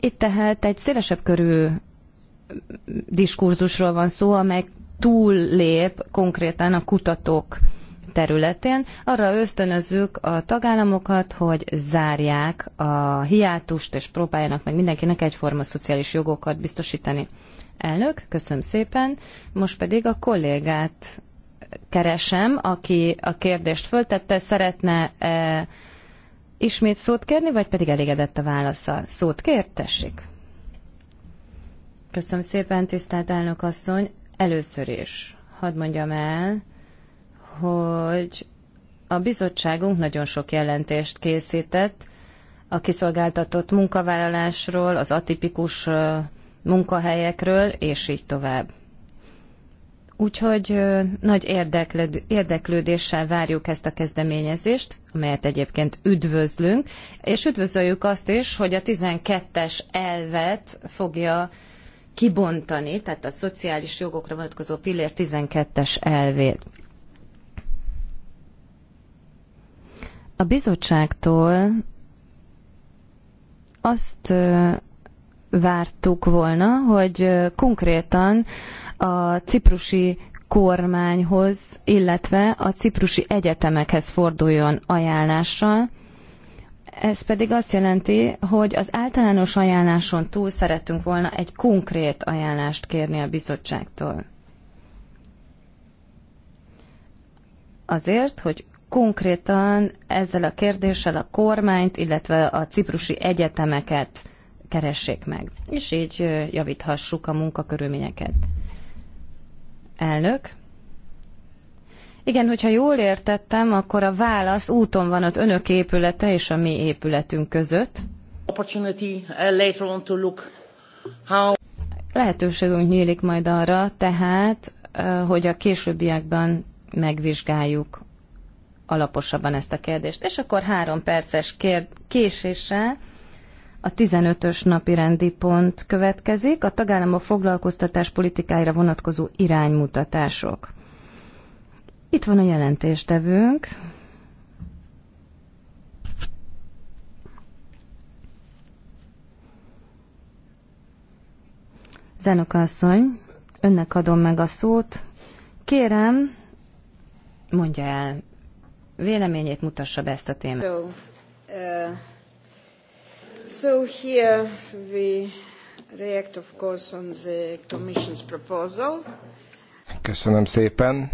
Itt tehát egy szélesebb körű diskurzusról van szó, amely túllép konkrétan a kutatók területén. Arra ösztönözzük a tagállamokat, hogy zárják a hiátust, és próbáljanak meg mindenkinek egyforma szociális jogokat biztosítani. Elnök, köszönöm szépen. Most pedig a kollégát keresem, aki a kérdést föltette, szeretne -e ismét szót kérni, vagy pedig elégedett a válasza? Szót kért, tessék. Köszönöm szépen, tisztelt elnök asszony. Először is hadd mondjam el, hogy a bizottságunk nagyon sok jelentést készített a kiszolgáltatott munkavállalásról, az atipikus munkahelyekről, és így tovább. Úgyhogy nagy érdeklődéssel várjuk ezt a kezdeményezést, amelyet egyébként üdvözlünk, és üdvözöljük azt is, hogy a 12-es elvet fogja kibontani, tehát a szociális jogokra vonatkozó pillér 12-es elvét. A bizottságtól azt vártuk volna, hogy konkrétan a ciprusi kormányhoz, illetve a ciprusi egyetemekhez forduljon ajánlással. Ez pedig azt jelenti, hogy az általános ajánláson túl szerettünk volna egy konkrét ajánlást kérni a bizottságtól. Azért, hogy konkrétan ezzel a kérdéssel a kormányt, illetve a ciprusi egyetemeket keressék meg, és így javíthassuk a munkakörülményeket. Elnök. Igen, hogyha jól értettem, akkor a válasz úton van az önök épülete és a mi épületünk között. Uh, Lehetőségünk nyílik majd arra, tehát, uh, hogy a későbbiekben megvizsgáljuk alaposabban ezt a kérdést. És akkor három perces kér- késéssel a 15-ös napi rendi pont következik, a tagállamok foglalkoztatás politikáira vonatkozó iránymutatások. Itt van a jelentéstevőnk. Zenok asszony, önnek adom meg a szót. Kérem, mondja el, véleményét mutassa be ezt a témát. So, uh... So here we react, of course, on the Commission's proposal. Köszönöm szépen.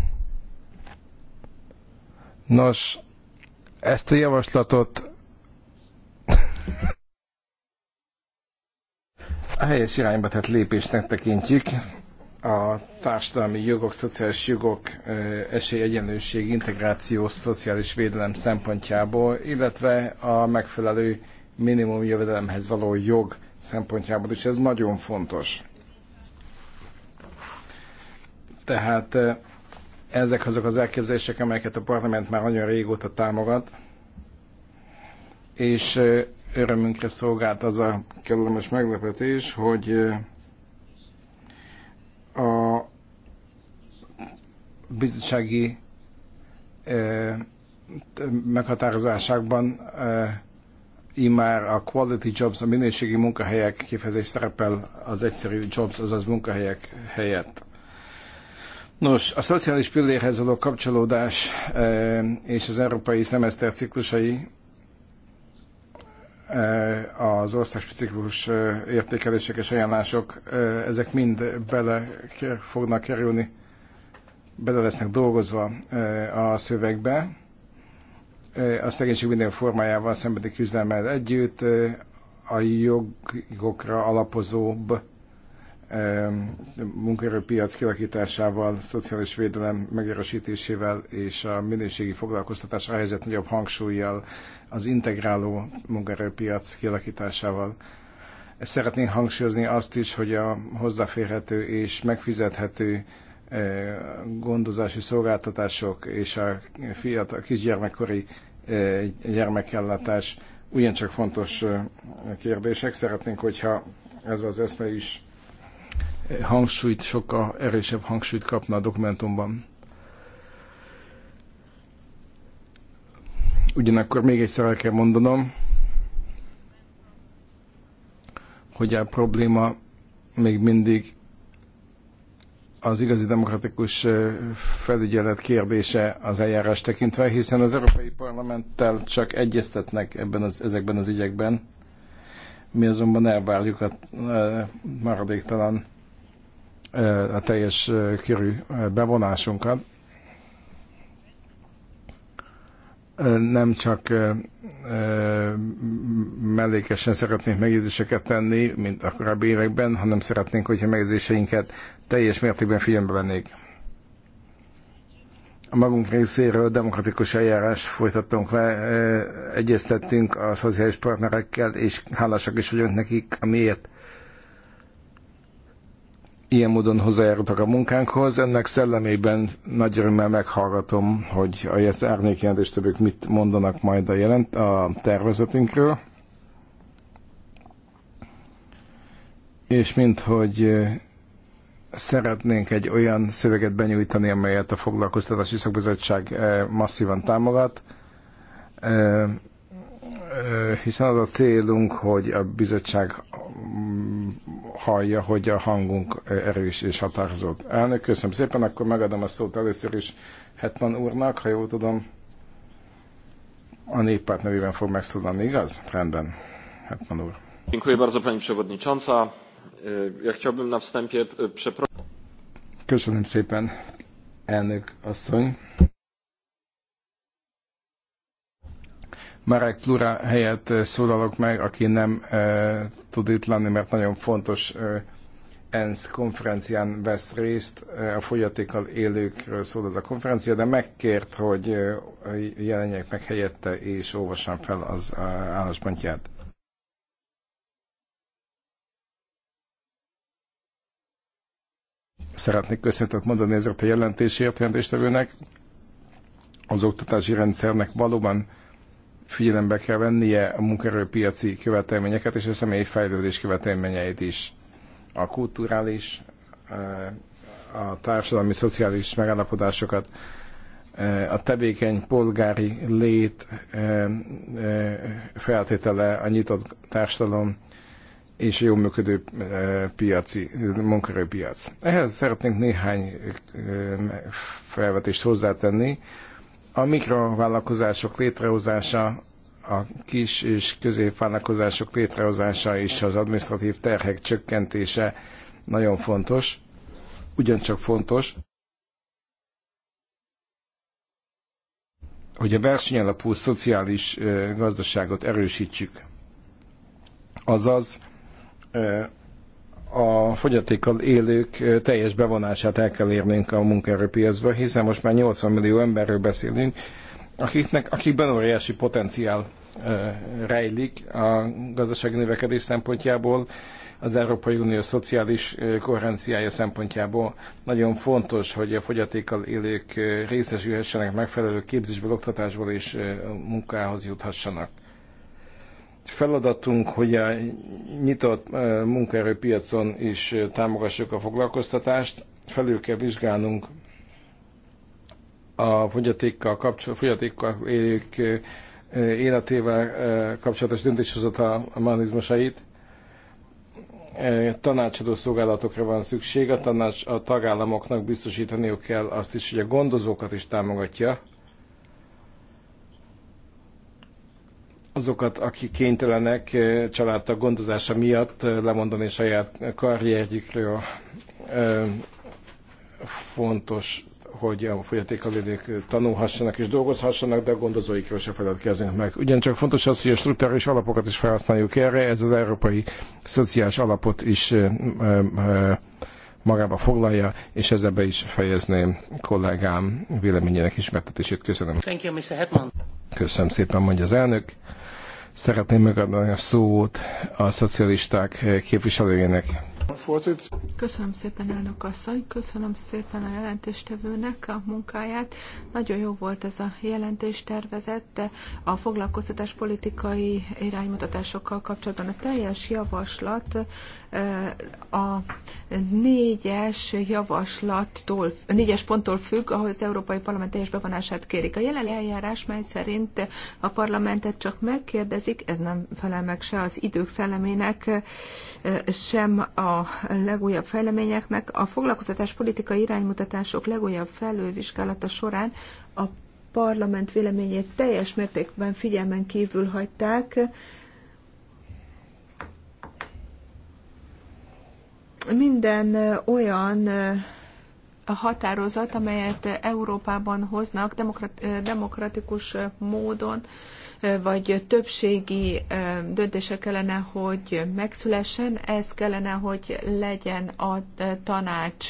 Nos, ezt a javaslatot a helyes irányba tett lépésnek tekintjük. A társadalmi jogok, szociális jogok, eh, esélyegyenlőség, integráció, szociális védelem szempontjából, illetve a megfelelő minimum jövedelemhez való jog szempontjából is ez nagyon fontos. Tehát eh, ezek azok az elképzelések, amelyeket a parlament már nagyon régóta támogat, és eh, örömünkre szolgált az a kellemes meglepetés, hogy eh, a bizottsági meghatározásákban immár a quality jobs, a minőségi munkahelyek kifejezés szerepel az egyszerű jobs, azaz munkahelyek helyett. Nos, a szociális pillérhez való kapcsolódás e, és az európai szemeszter ciklusai e, az országspecifikus e, értékelések és ajánlások, ezek mind bele fognak kerülni, bele lesznek dolgozva a szövegbe a szegénység minden formájával szembeni küzdelmel együtt a jogokra alapozóbb munkaerőpiac kialakításával, szociális védelem megerősítésével és a minőségi foglalkoztatásra helyezett nagyobb hangsúlyjal, az integráló munkaerőpiac kialakításával. Szeretnénk hangsúlyozni azt is, hogy a hozzáférhető és megfizethető gondozási szolgáltatások és a fiatal kisgyermekkori gyermekellátás ugyancsak fontos kérdések. Szeretnénk, hogyha ez az eszme is hangsúlyt, sokkal erősebb hangsúlyt kapna a dokumentumban. Ugyanakkor még egyszer el kell mondanom, hogy a probléma még mindig az igazi demokratikus felügyelet kérdése az eljárás tekintve, hiszen az Európai Parlamenttel csak egyeztetnek ebben az, ezekben az ügyekben. Mi azonban elvárjuk a, a maradéktalan a teljes körű bevonásunkat. nem csak mellékesen szeretnénk megjegyzéseket tenni, mint a korábbi években, hanem szeretnénk, hogyha megjegyzéseinket teljes mértékben figyelembe vennék. A magunk részéről demokratikus eljárás folytattunk le, egyeztettünk a szociális partnerekkel, és hálásak is vagyunk nekik, amiért ilyen módon hozzájárultak a munkánkhoz. Ennek szellemében nagy örömmel meghallgatom, hogy a JESZ és többek mit mondanak majd a, jelent, a tervezetünkről. És mint hogy eh, szeretnénk egy olyan szöveget benyújtani, amelyet a Foglalkoztatási Szakbizottság eh, masszívan támogat, eh, hiszen az a célunk, hogy a bizottság mm, hallja, hogy a hangunk erős és határozott. Elnök, köszönöm szépen, akkor megadom a szót először is Hetman úrnak, ha jól tudom. A néppárt nevében fog megszólalni, igaz? Rendben, Hetman úr. Dziękuję bardzo pani przewodnicząca. E, ja chciałbym na wstępie e, przeprosić. Köszönöm szépen, elnök asszony. Marek Plura helyett eh, szólalok meg, aki nem e, tud itt lenni, mert nagyon fontos e, ENSZ konferencián vesz részt, e, a fogyatékkal élőkről szól ez a konferencia, de megkért, hogy e, jelenjek meg helyette és olvassam fel az a, álláspontját. Szeretnék köszönetet mondani ezért a jelentésért, jelentéstevőnek. Az oktatási rendszernek valóban figyelembe kell vennie a munkaerőpiaci követelményeket és a személyi fejlődés követelményeit is. A kulturális, eh, a társadalmi, szociális megállapodásokat, eh, a tevékeny polgári lét eh, feltétele a nyitott társadalom és jó működő piaci, munkerőpiac. Ehhez szeretnénk néhány felvetést hozzátenni, a mikrovállalkozások létrehozása, a kis és középvállalkozások létrehozása és az administratív terhek csökkentése nagyon fontos, ugyancsak fontos, hogy a versenyalapú szociális gazdaságot erősítsük. Azaz a fogyatékkal élők teljes bevonását el kell érnénk a munkaerőpiacba, hiszen most már 80 millió emberről beszélünk, akiknek, akikben óriási potenciál rejlik a gazdasági növekedés szempontjából, az Európai Unió szociális koherenciája szempontjából nagyon fontos, hogy a fogyatékkal élők részesülhessenek megfelelő képzésből, oktatásból és munkához juthassanak feladatunk, hogy a nyitott eh, munkaerőpiacon is eh, támogassuk a foglalkoztatást. Felül kell vizsgálnunk a fogyatékkal, kapcsol, fogyatékkal élők eh, életével kapcsolatos döntéshozatal mechanizmusait. Tanácsadó szolgálatokra van szükség, a, tanács, a tagállamoknak biztosítaniuk kell azt is, hogy a gondozókat is támogatja, azokat, akik kénytelenek eh, családtag gondozása miatt eh, lemondani saját karrierjükről. Eh, fontos, hogy a fogyatékkal élők tanulhassanak és dolgozhassanak, de a gondozóikról se feledkezünk meg. Ugyancsak fontos az, hogy a struktúrális alapokat is felhasználjuk erre, ez az európai szociális alapot is magába foglalja, és ezzel be is fejezném kollégám véleményének ismertetését. Köszönöm. Thank you, Mr. Hetman. Köszönöm szépen, mondja az elnök. Szeretném megadni a szót a szocialisták képviselőjének. Köszönöm szépen, elnök asszony, köszönöm szépen a jelentéstevőnek a munkáját. Nagyon jó volt ez a jelentéstervezet, de a foglalkoztatás politikai iránymutatásokkal kapcsolatban a teljes javaslat eh, a négyes javaslattól, a négyes ponttól függ, ahol az Európai Parlament teljes bevonását kérik. A jelenlegi eljárás, mely szerint a parlamentet csak megkérdezik, ez nem felel meg se az idők szellemének, eh, sem a a legújabb fejleményeknek. A foglalkoztatás politikai iránymutatások legújabb felülvizsgálata során a parlament véleményét teljes mértékben figyelmen kívül hagyták. Minden olyan a határozat, amelyet Európában hoznak demokratikus módon, vagy többségi döntése kellene, hogy megszülessen, ez kellene, hogy legyen a tanács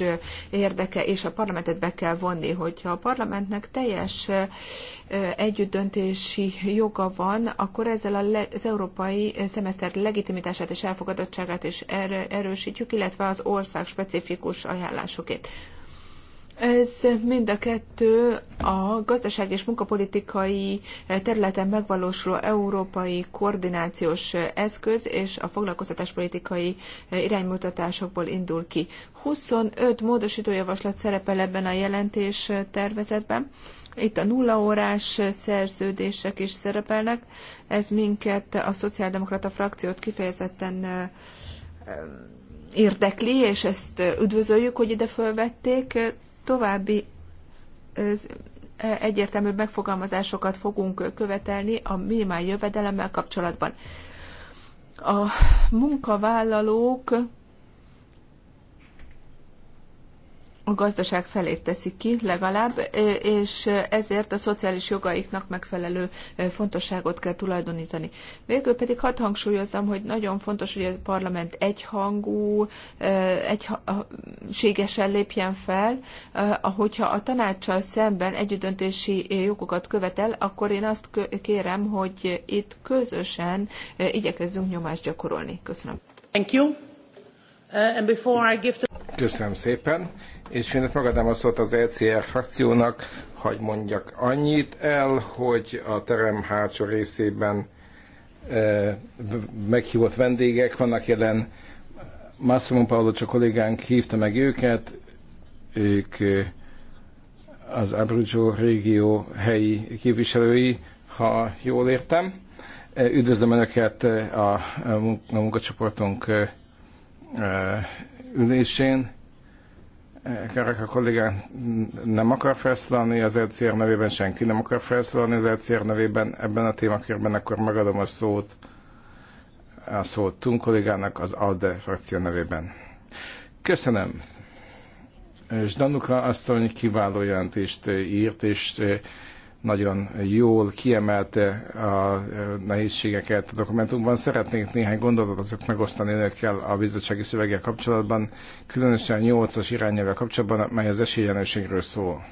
érdeke, és a parlamentet be kell vonni, hogyha a parlamentnek teljes együttdöntési joga van, akkor ezzel az európai szemeszter legitimitását és elfogadottságát is erősítjük, illetve az ország specifikus ajánlásokét. Ez mind a kettő a gazdaság és munkapolitikai területen megvalósuló európai koordinációs eszköz és a foglalkoztatáspolitikai iránymutatásokból indul ki. 25 módosítójavaslat szerepel ebben a jelentés tervezetben. Itt a nullaórás szerződések is szerepelnek. Ez minket, a szociáldemokrata frakciót kifejezetten érdekli, és ezt üdvözöljük, hogy ide fölvették további e, egyértelmű megfogalmazásokat fogunk követelni a minimál jövedelemmel kapcsolatban. A munkavállalók a gazdaság felét teszik ki legalább, és ezért a szociális jogaiknak megfelelő fontosságot kell tulajdonítani. Végül pedig hadd hangsúlyozzam, hogy nagyon fontos, hogy a parlament egyhangú, egységesen lépjen fel, ahogyha a tanácssal szemben együttdöntési jogokat követel, akkor én azt kérem, hogy itt közösen igyekezzünk nyomást gyakorolni. Köszönöm. Thank you. Uh, and before I give the... Köszönöm szépen és ott magadám a szót az ECR frakciónak, hogy mondjak annyit el, hogy a terem hátsó részében e, meghívott vendégek vannak jelen. Massimo csak kollégánk hívta meg őket, ők e, az Abruzzo régió helyi képviselői, ha jól értem. E, üdvözlöm Önöket a munkacsoportunk e, ülésén. Kerek nem akar felszólalni, az LCR nevében senki nem akar felszólalni, az LCR nevében ebben a témakörben akkor megadom a szót a szót Tun kollégának az ALDE frakció nevében. Köszönöm. És Danuka asszony kiváló jelentést írt, és nagyon jól kiemelte a nehézségeket a dokumentumban. Szeretnék néhány gondolatot azért megosztani önökkel a bizottsági szöveggel kapcsolatban, különösen 8-as irányjával kapcsolatban, mely az esélyenőségről szól.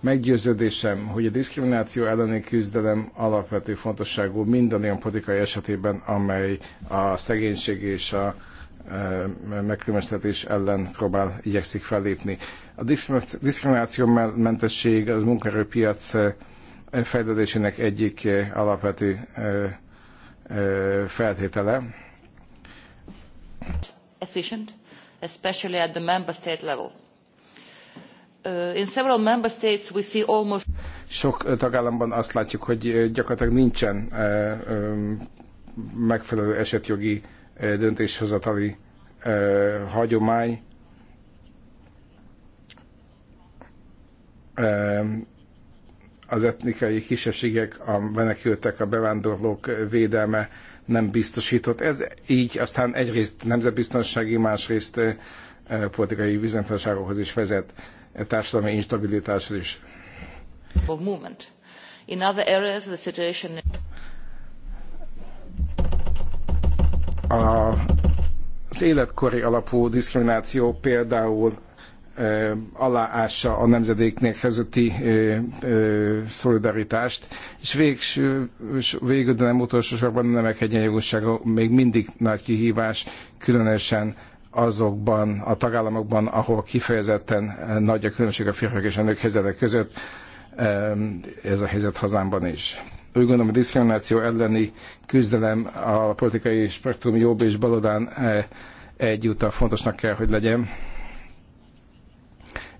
Meggyőződésem, hogy a diszkrimináció elleni küzdelem alapvető fontosságú minden olyan politikai esetében, amely a szegénység és a e, megkülönböztetés ellen próbál igyekszik fellépni. A diszkriminációmentesség az munkaerőpiac fejlődésének egyik alapvető feltétele. Efficient, especially at the member state level. In several member states we see almost... Sok tagállamban azt látjuk, hogy gyakorlatilag nincsen megfelelő esetjogi döntéshozatali hagyomány, az etnikai kisebbségek, a menekültek, a bevándorlók védelme nem biztosított. Ez így aztán egyrészt nemzetbiztonsági, másrészt eh, politikai bizonytalanságokhoz is vezet, eh, társadalmi instabilitáshoz is. In other areas, the situation... A, az életkori alapú diszkrimináció például aláássa a nemzedéknek közötti szolidaritást, és végső, végül, de nem utolsó sorban a nemek egyenjogossága még mindig nagy kihívás, különösen azokban a tagállamokban, ahol kifejezetten nagy a különbség a férfiak és a nők helyzetek között, ez a helyzet hazámban is. Úgy gondolom, a diszkrimináció elleni küzdelem a politikai spektrum jobb és baloldán egyúttal fontosnak kell, hogy legyen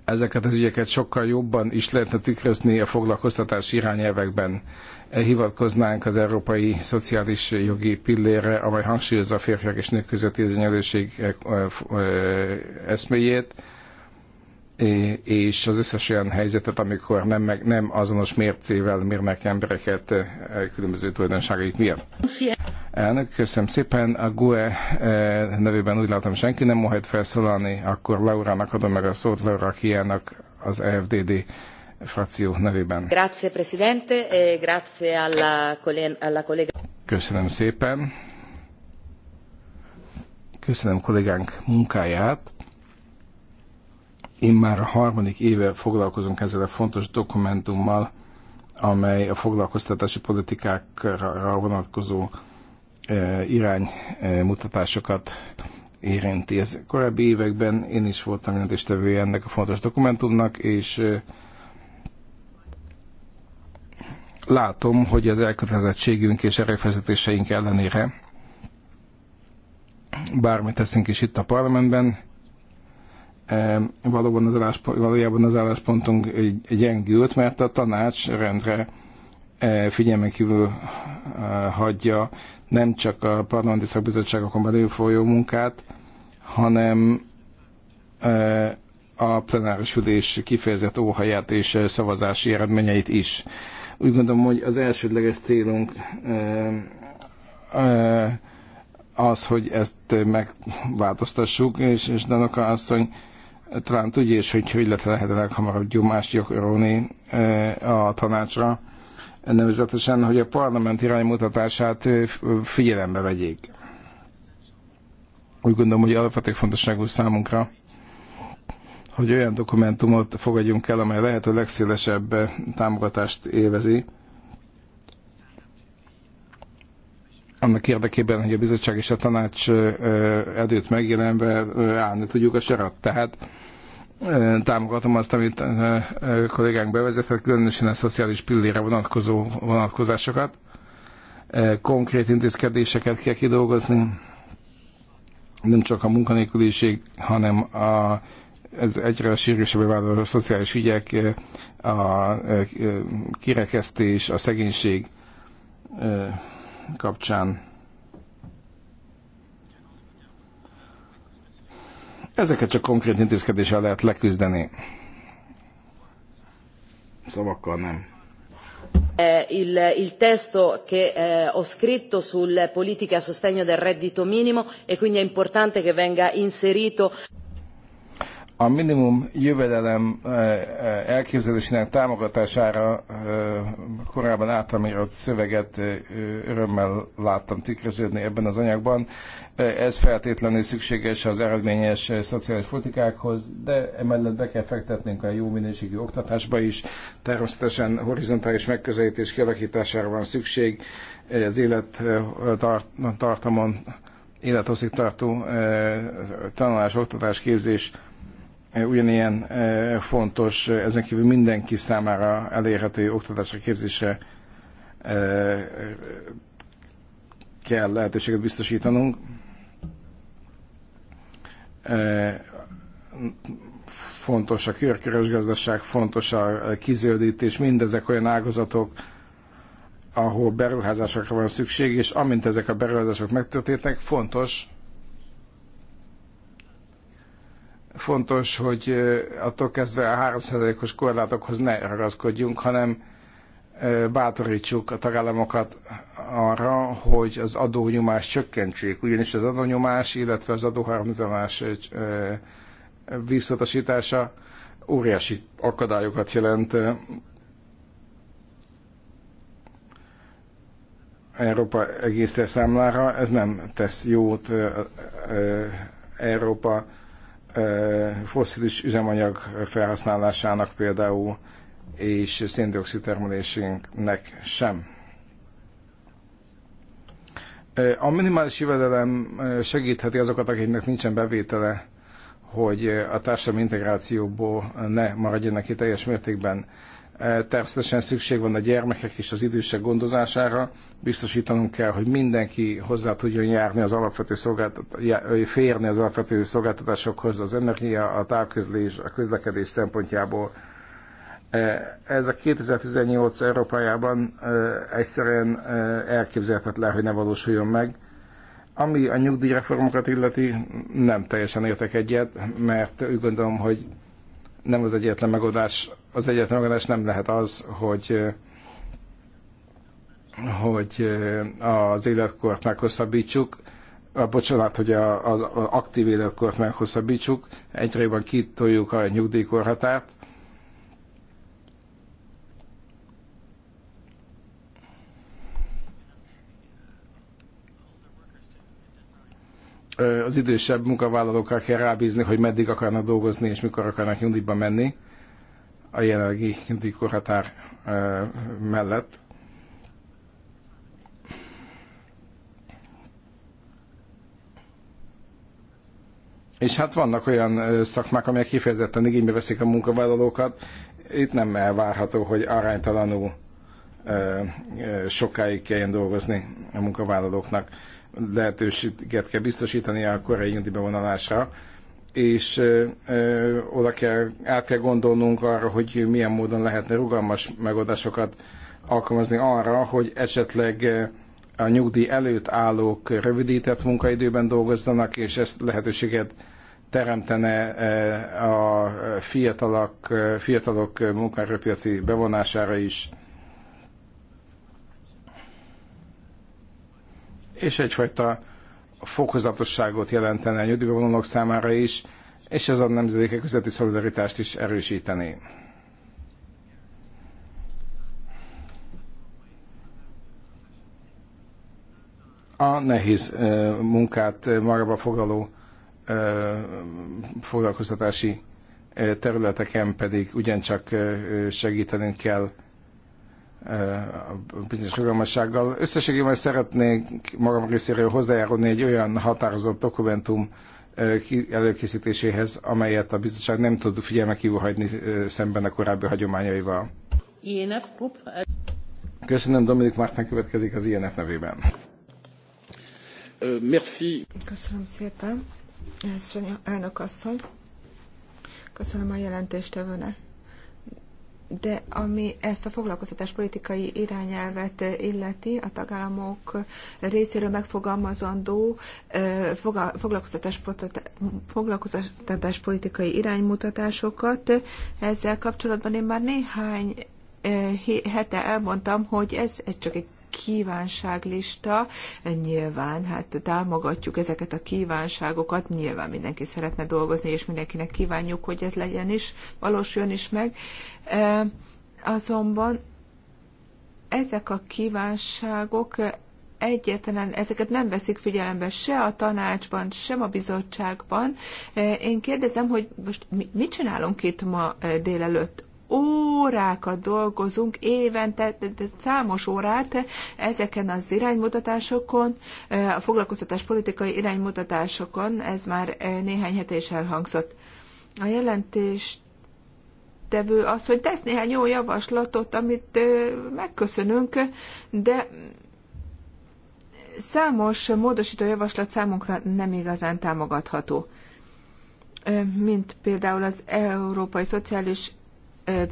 ezeket az ügyeket sokkal jobban is lehetne tükrözni a foglalkoztatás irányelvekben. E hivatkoznánk az európai szociális jogi pillére, amely hangsúlyozza a férfiak és nők közötti egyenlőség e, e, eszméjét, és az összes olyan helyzetet, amikor nem, nem azonos mércével mérnek embereket e, különböző tulajdonságaik miatt. Elnök, köszönöm szépen. A GUE e, nevében úgy látom senki nem mohet felszólalni, akkor Laurának adom meg a szót, Laura Kiának az EFDD frakció nevében. Grazie, Presidente, e grazie alla, alla collega. Köszönöm szépen. Köszönöm kollégánk munkáját már a harmadik éve foglalkozunk ezzel a fontos dokumentummal, amely a foglalkoztatási politikákra vonatkozó e, iránymutatásokat e, érinti. Ez korábbi években én is voltam jelentéstevője ennek a fontos dokumentumnak, és e, látom, hogy az elkötelezettségünk és erőfeszítéseink ellenére bármit teszünk is itt a parlamentben, valóban az álláspont, valójában az álláspontunk gyengült, mert a tanács rendre e, figyelmen kívül e, hagyja nem csak a parlamenti szakbizottságokon belül folyó munkát, hanem e, a plenáris ülés kifejezett óhaját és szavazási eredményeit is. Úgy gondolom, hogy az elsődleges célunk az, hogy ezt megváltoztassuk, és, és Danoka asszony talán tudja is, hogy hogy lehet, lehet a leghamarabb gyomást gyakorolni e, a tanácsra, nevezetesen, hogy a parlament iránymutatását e, figyelembe vegyék. Úgy gondolom, hogy alapvető fontosságú számunkra, hogy olyan dokumentumot fogadjunk el, amely lehető legszélesebb e, támogatást élvezi, annak érdekében, hogy a bizottság és a tanács előtt megjelenve állni tudjuk a sarat. Tehát támogatom azt, amit kollégánk bevezetett, különösen a szociális pillére vonatkozó vonatkozásokat. Konkrét intézkedéseket kell kidolgozni, nem csak a munkanélküliség, hanem a, ez egyre sürgősebbé váló a szociális ügyek, a kirekesztés, a szegénység, kapcsán. Ezeket csak konkrét intézkedéssel lehet leküzdeni. Szavakkal nem. Eh, il, il testo che eh, ho scritto sulle politiche a sostegno del reddito minimo e quindi è importante che venga inserito a minimum jövedelem eh, eh, elképzelésének támogatására eh, korábban átamírott szöveget örömmel láttam tükröződni ebben az anyagban. Ez feltétlenül szükséges az eredményes szociális politikákhoz, de emellett be kell fektetnünk a jó minőségű oktatásba is. Természetesen horizontális megközelítés kialakítására van szükség az élettartamon, élethosszígtartó tanulás, oktatás, képzés E, ugyanilyen e, fontos, e, ezen kívül mindenki számára elérhető oktatásra képzésre kell lehetőséget biztosítanunk. Fontos a körkörös gazdaság, fontos a kizöldítés, mindezek olyan ágazatok, ahol beruházásokra van szükség, és amint ezek a beruházások megtörténnek, fontos, Fontos, hogy attól kezdve a 3%-os korlátokhoz ne ragaszkodjunk, hanem bátorítsuk a tagállamokat arra, hogy az adónyomás csökkentsék, ugyanis az adónyomás, illetve az adóharmonizálás visszatasítása óriási akadályokat jelent Európa egész számára, ez nem tesz jót Európa foszilis üzemanyag felhasználásának például, és széndiokszid termelésének sem. A minimális jövedelem segítheti azokat, akiknek nincsen bevétele, hogy a társadalmi integrációból ne maradjanak ki teljes mértékben. E, természetesen szükség van a gyermekek és az idősek gondozására. Biztosítanunk kell, hogy mindenki hozzá tudjon járni az alapvető férni az alapvető szolgáltatásokhoz, az energia, a távközlés, a közlekedés szempontjából. E, ez a 2018 Európájában e, egyszerűen elképzelhetetlen, hogy ne valósuljon meg. Ami a nyugdíjreformokat illeti, nem teljesen értek egyet, mert úgy gondolom, hogy nem az egyetlen megoldás, az egyetlen megoldás nem lehet az, hogy hogy az életkort meghosszabbítsuk, a, bocsánat, hogy a, az, az aktív életkort meghosszabbítsuk, egyre jobban kitoljuk a nyugdíjkorhatárt, az idősebb munkavállalókra kell rábízni, hogy meddig akarnak dolgozni és mikor akarnak nyugdíjba menni a jelenlegi nyugdíjkorhatár mellett. És hát vannak olyan szakmák, amelyek kifejezetten igénybe veszik a munkavállalókat. Itt nem elvárható, hogy aránytalanul sokáig kelljen dolgozni a munkavállalóknak lehetőséget kell biztosítani a korai nyugdíjba bevonalásra, és ö, oda kell, át kell gondolnunk arra, hogy milyen módon lehetne rugalmas megoldásokat alkalmazni arra, hogy esetleg a nyugdíj előtt állók rövidített munkaidőben dolgozzanak, és ezt lehetőséget teremtene a fiatalok, fiatalok munkaerőpiaci bevonására is és egyfajta fokozatosságot jelentene a nyugdíjbevonók számára is, és ez a nemzedékek közötti szolidaritást is erősítené. A nehéz munkát magába foglaló foglalkoztatási területeken pedig ugyancsak segítenünk kell Eh, bizonyos rugalmassággal. Összességében szeretnék magam részéről hozzájárulni egy olyan határozott dokumentum eh, előkészítéséhez, amelyet a bizottság nem tud figyelme kívül hagyni eh, szemben a korábbi hagyományaival. INF Group. Köszönöm, Dominik Márten következik az INF nevében. Merci. Köszönöm szépen, elnök asszony. Köszönöm a jelentéstevőnek de ami ezt a foglalkoztatás politikai irányelvet illeti, a tagállamok részéről megfogalmazandó foglalkoztatás, politikai iránymutatásokat, ezzel kapcsolatban én már néhány hete elmondtam, hogy ez csak egy kívánságlista. Nyilván, hát támogatjuk ezeket a kívánságokat, nyilván mindenki szeretne dolgozni, és mindenkinek kívánjuk, hogy ez legyen is, valósuljon is meg. E, azonban ezek a kívánságok egyetlen, ezeket nem veszik figyelembe se a tanácsban, sem a bizottságban. E, én kérdezem, hogy most mit csinálunk itt ma e, délelőtt? órákat dolgozunk évente, számos órát ezeken az iránymutatásokon, a foglalkoztatás politikai iránymutatásokon, ez már néhány hete is elhangzott. A jelentést tevő az, hogy tesz néhány jó javaslatot, amit megköszönünk, de számos módosító javaslat számunkra nem igazán támogatható, mint például az Európai Szociális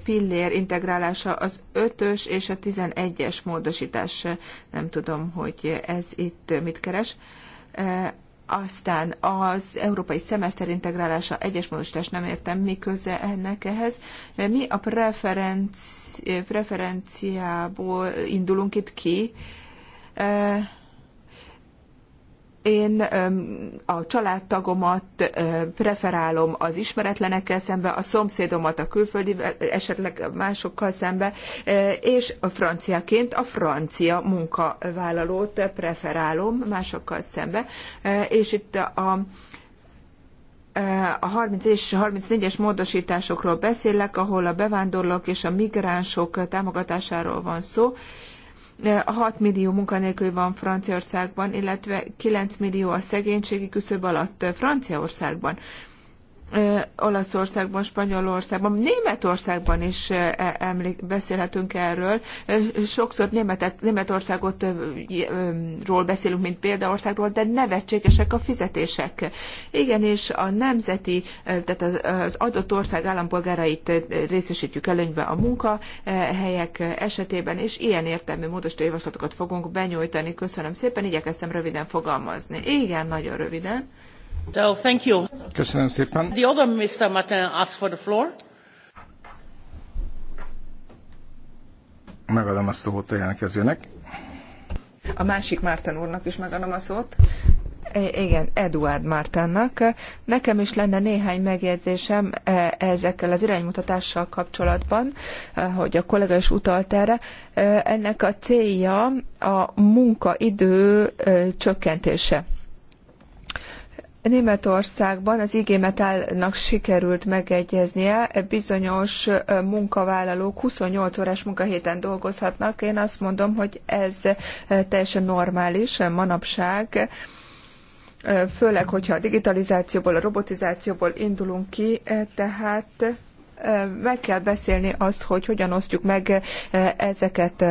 pillér integrálása az 5-ös és a 11-es módosítás. Nem tudom, hogy ez itt mit keres. Aztán az európai szemeszter integrálása, egyes módosítás nem értem, mi köze ennek ehhez. Mi a preferenci, preferenciából indulunk itt ki? Én a családtagomat preferálom az ismeretlenekkel szembe, a szomszédomat a külföldi, esetleg másokkal szembe, és a franciaként a francia munkavállalót preferálom másokkal szembe, és itt a a 30 és 34-es módosításokról beszélek, ahol a bevándorlók és a migránsok támogatásáról van szó, 6 millió munkanélkül van Franciaországban, illetve 9 millió a szegénységi küszöb alatt Franciaországban. Olaszországban, Spanyolországban, Németországban is e, emlék, beszélhetünk erről. Sokszor Németet, Németországot ról beszélünk, mint példaországról, de nevetségesek a fizetések. Igen, és a nemzeti, tehát az adott ország állampolgárait részesítjük előnybe a munkahelyek esetében, és ilyen értelmű módosító javaslatokat fogunk benyújtani. Köszönöm szépen, igyekeztem röviden fogalmazni. Igen, nagyon röviden thank you. Köszönöm szépen. The other Mr. Martin asked for the floor. Megadom a szót a jelentkezőnek. A másik Márten úrnak is megadom a szót. Igen, Eduard Mártánnak. Nekem is lenne néhány megjegyzésem e, ezekkel az iránymutatással kapcsolatban, e, hogy a kollega is utalt erre. E, ennek a célja a munkaidő csökkentése. Németországban az IG Metallnak sikerült megegyeznie, bizonyos munkavállalók 28 órás munkahéten dolgozhatnak. Én azt mondom, hogy ez teljesen normális manapság, főleg, hogyha a digitalizációból, a robotizációból indulunk ki, tehát meg kell beszélni azt, hogy hogyan osztjuk meg ezeket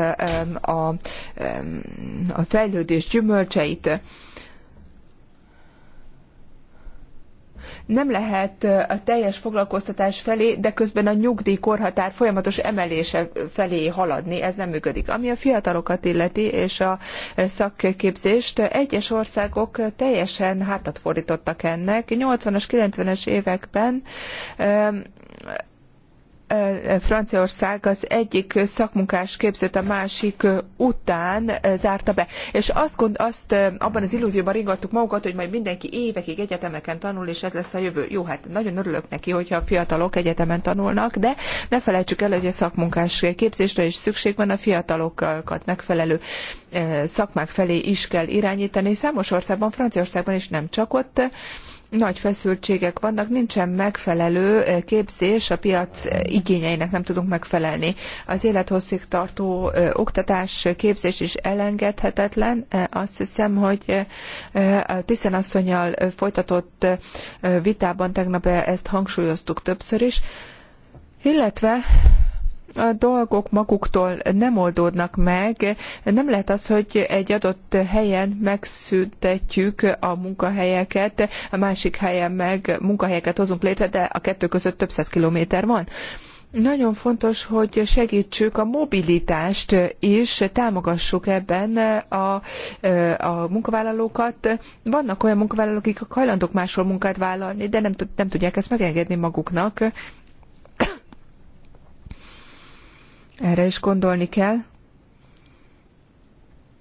a, a fejlődés gyümölcseit. Nem lehet a teljes foglalkoztatás felé, de közben a nyugdíjkorhatár folyamatos emelése felé haladni, ez nem működik. Ami a fiatalokat illeti és a szakképzést, egyes országok teljesen hátat fordítottak ennek. 80-as, 90-es években Franciaország az egyik szakmunkás képzőt a másik után zárta be. És azt, gond, azt abban az illúzióban ringattuk magukat, hogy majd mindenki évekig egyetemeken tanul, és ez lesz a jövő. Jó, hát nagyon örülök neki, hogyha a fiatalok egyetemen tanulnak, de ne felejtsük el, hogy a szakmunkás képzésre is szükség van, a fiatalokat megfelelő szakmák felé is kell irányítani. Számos országban, Franciaországban is nem csak ott, nagy feszültségek vannak, nincsen megfelelő képzés, a piac igényeinek nem tudunk megfelelni. Az élethosszig tartó oktatás, képzés is elengedhetetlen. Azt hiszem, hogy Tiszen asszonyjal folytatott vitában tegnap ezt hangsúlyoztuk többször is, illetve a dolgok maguktól nem oldódnak meg. Nem lehet az, hogy egy adott helyen megszüntetjük a munkahelyeket, a másik helyen meg munkahelyeket hozunk létre, de a kettő között több száz kilométer van. Nagyon fontos, hogy segítsük a mobilitást is, támogassuk ebben a, a munkavállalókat. Vannak olyan munkavállalók, akik hajlandók máshol munkát vállalni, de nem, nem tudják ezt megengedni maguknak. Erre is gondolni kell.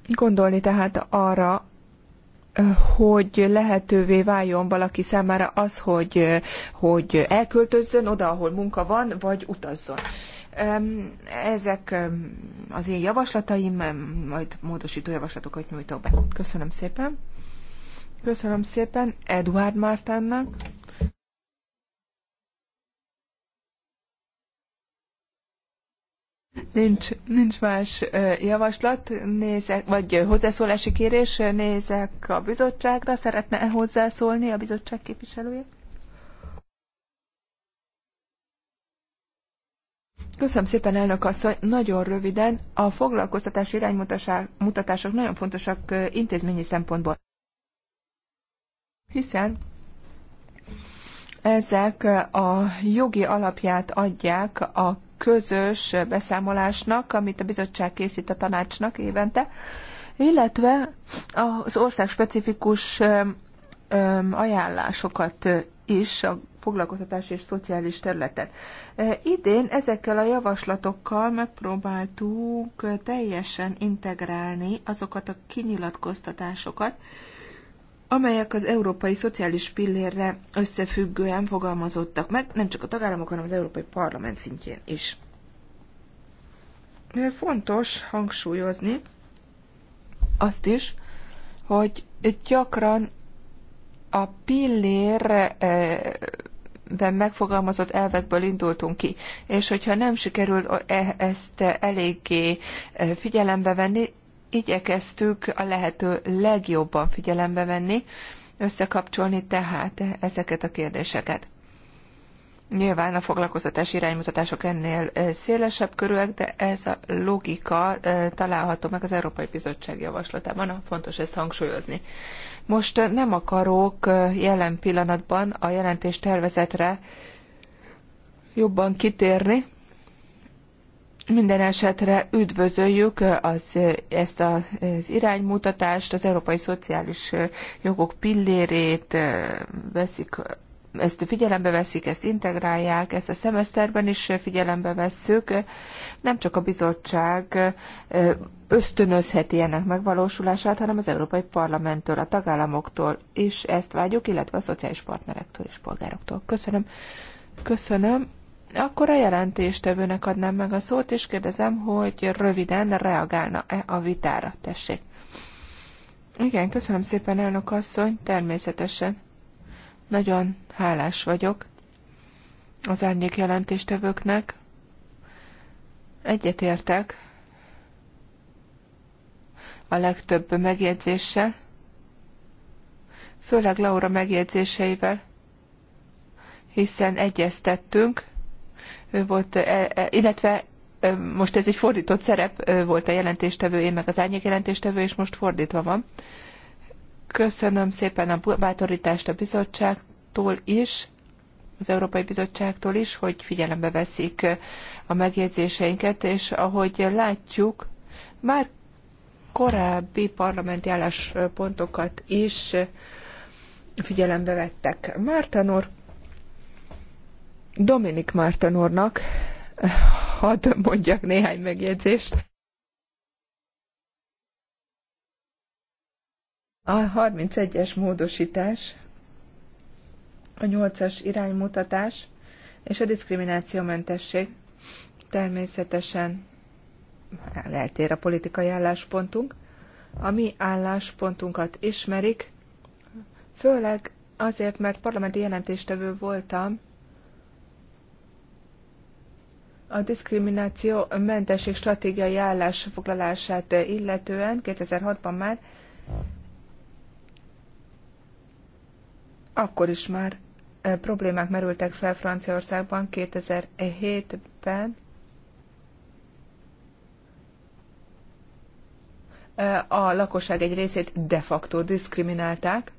Gondolni tehát arra, hogy lehetővé váljon valaki számára az, hogy, hogy elköltözzön oda, ahol munka van, vagy utazzon. Ezek az én javaslataim, majd módosító javaslatokat nyújtok be. Köszönöm szépen. Köszönöm szépen Eduard Mártánnak. Nincs, nincs más javaslat, nézek, vagy hozzászólási kérés, nézek a bizottságra. Szeretne -e hozzászólni a bizottság képviselője? Köszönöm szépen, elnök asszony. Nagyon röviden, a foglalkoztatási iránymutatások nagyon fontosak intézményi szempontból. Hiszen ezek a jogi alapját adják a közös beszámolásnak, amit a bizottság készít a tanácsnak évente, illetve az ország specifikus ajánlásokat is a foglalkoztatási és szociális területen. Idén ezekkel a javaslatokkal megpróbáltuk teljesen integrálni azokat a kinyilatkoztatásokat, amelyek az európai szociális pillérre összefüggően fogalmazottak meg, nem csak a tagállamok, hanem az Európai Parlament szintjén is. Fontos hangsúlyozni azt is, hogy gyakran a pillérben eh, megfogalmazott elvekből indultunk ki, és hogyha nem sikerül e-, ezt eléggé eh, figyelembe venni, igyekeztük a lehető legjobban figyelembe venni, összekapcsolni tehát ezeket a kérdéseket. Nyilván a foglalkoztatási iránymutatások ennél eh, szélesebb körűek, de ez a logika eh, található meg az Európai Bizottság javaslatában, fontos ezt hangsúlyozni. Most eh, nem akarok jelen pillanatban a jelentés tervezetre jobban kitérni, minden esetre üdvözöljük az, ezt az iránymutatást, az európai szociális jogok pillérét veszik, ezt figyelembe veszik, ezt integrálják, ezt a szemeszterben is figyelembe vesszük. Nem csak a bizottság ösztönözheti ennek megvalósulását, hanem az Európai Parlamenttől, a tagállamoktól is ezt várjuk, illetve a szociális partnerektől és polgároktól. Köszönöm. Köszönöm akkor a jelentéstevőnek adnám meg a szót, és kérdezem, hogy röviden reagálna-e a vitára. Tessék. Igen, köszönöm szépen, elnök asszony, természetesen. Nagyon hálás vagyok az árnyék jelentéstevőknek. Egyetértek a legtöbb megjegyzése, főleg Laura megjegyzéseivel, hiszen egyeztettünk, volt, e, e, illetve e, most ez egy fordított szerep volt a jelentéstevő, én meg az árnyék jelentéstevő, és most fordítva van. Köszönöm szépen a bátorítást a bizottságtól is, az Európai Bizottságtól is, hogy figyelembe veszik a megjegyzéseinket, és ahogy látjuk, már korábbi parlamenti álláspontokat is figyelembe vettek. Márta Nor Dominik Márton úrnak hadd mondjak néhány megjegyzést. A 31-es módosítás, a 8-as iránymutatás és a diszkriminációmentesség természetesen eltér a politikai álláspontunk. A mi álláspontunkat ismerik, főleg azért, mert parlamenti jelentéstevő voltam a diszkrimináció mentesség stratégiai állásfoglalását illetően 2006-ban már, akkor is már e, problémák merültek fel Franciaországban 2007-ben. E, a lakosság egy részét de facto diszkriminálták,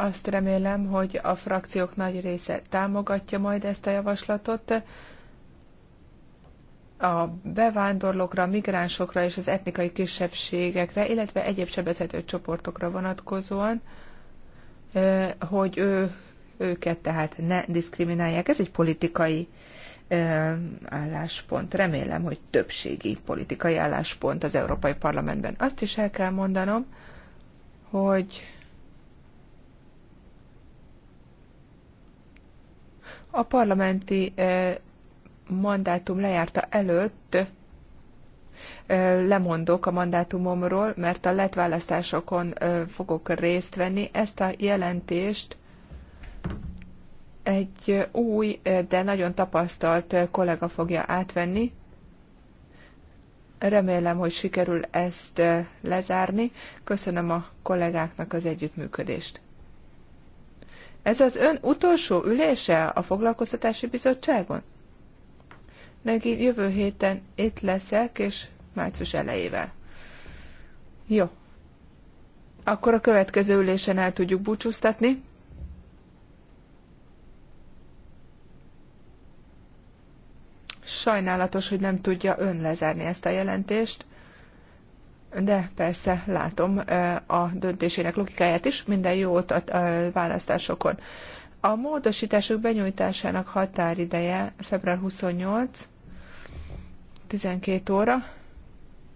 azt remélem, hogy a frakciók nagy része támogatja majd ezt a javaslatot. A bevándorlókra, migránsokra és az etnikai kisebbségekre, illetve egyéb sebezhető csoportokra vonatkozóan, hogy ő, őket tehát ne diszkriminálják. Ez egy politikai álláspont. Remélem, hogy többségi politikai álláspont az Európai Parlamentben. Azt is el kell mondanom, hogy a parlamenti mandátum lejárta előtt lemondok a mandátumomról, mert a lett választásokon fogok részt venni. Ezt a jelentést egy új, de nagyon tapasztalt kollega fogja átvenni. Remélem, hogy sikerül ezt lezárni. Köszönöm a kollégáknak az együttműködést. Ez az ön utolsó ülése a foglalkoztatási bizottságon? Meg így jövő héten itt leszek, és március elejével. Jó. Akkor a következő ülésen el tudjuk búcsúztatni. Sajnálatos, hogy nem tudja ön lezárni ezt a jelentést de persze látom a döntésének logikáját is, minden jót a választásokon. A módosítások benyújtásának határideje február 28, 12 óra.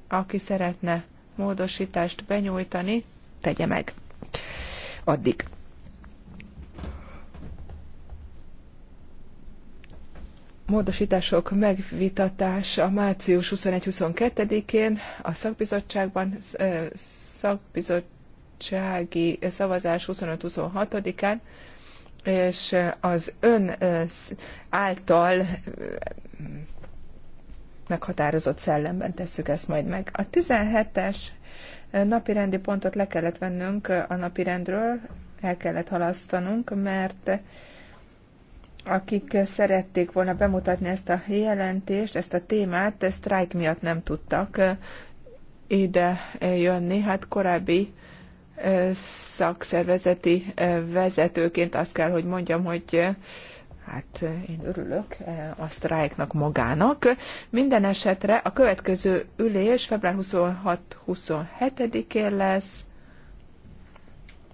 Aki szeretne módosítást benyújtani, tegye meg. Addig. módosítások megvitatása március 21-22-én a szakbizottságban, szakbizottsági szavazás 25-26-án, és az ön által meghatározott szellemben tesszük ezt majd meg. A 17-es napirendi pontot le kellett vennünk a napirendről, el kellett halasztanunk, mert akik szerették volna bemutatni ezt a jelentést, ezt a témát, sztrájk miatt nem tudtak ide jönni. Hát korábbi szakszervezeti vezetőként azt kell, hogy mondjam, hogy hát én örülök a sztrájknak magának. Minden esetre a következő ülés február 26-27-én lesz.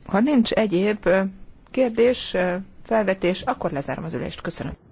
Ha nincs egyéb kérdés, felvetés, akkor lezárom az ülést. Köszönöm.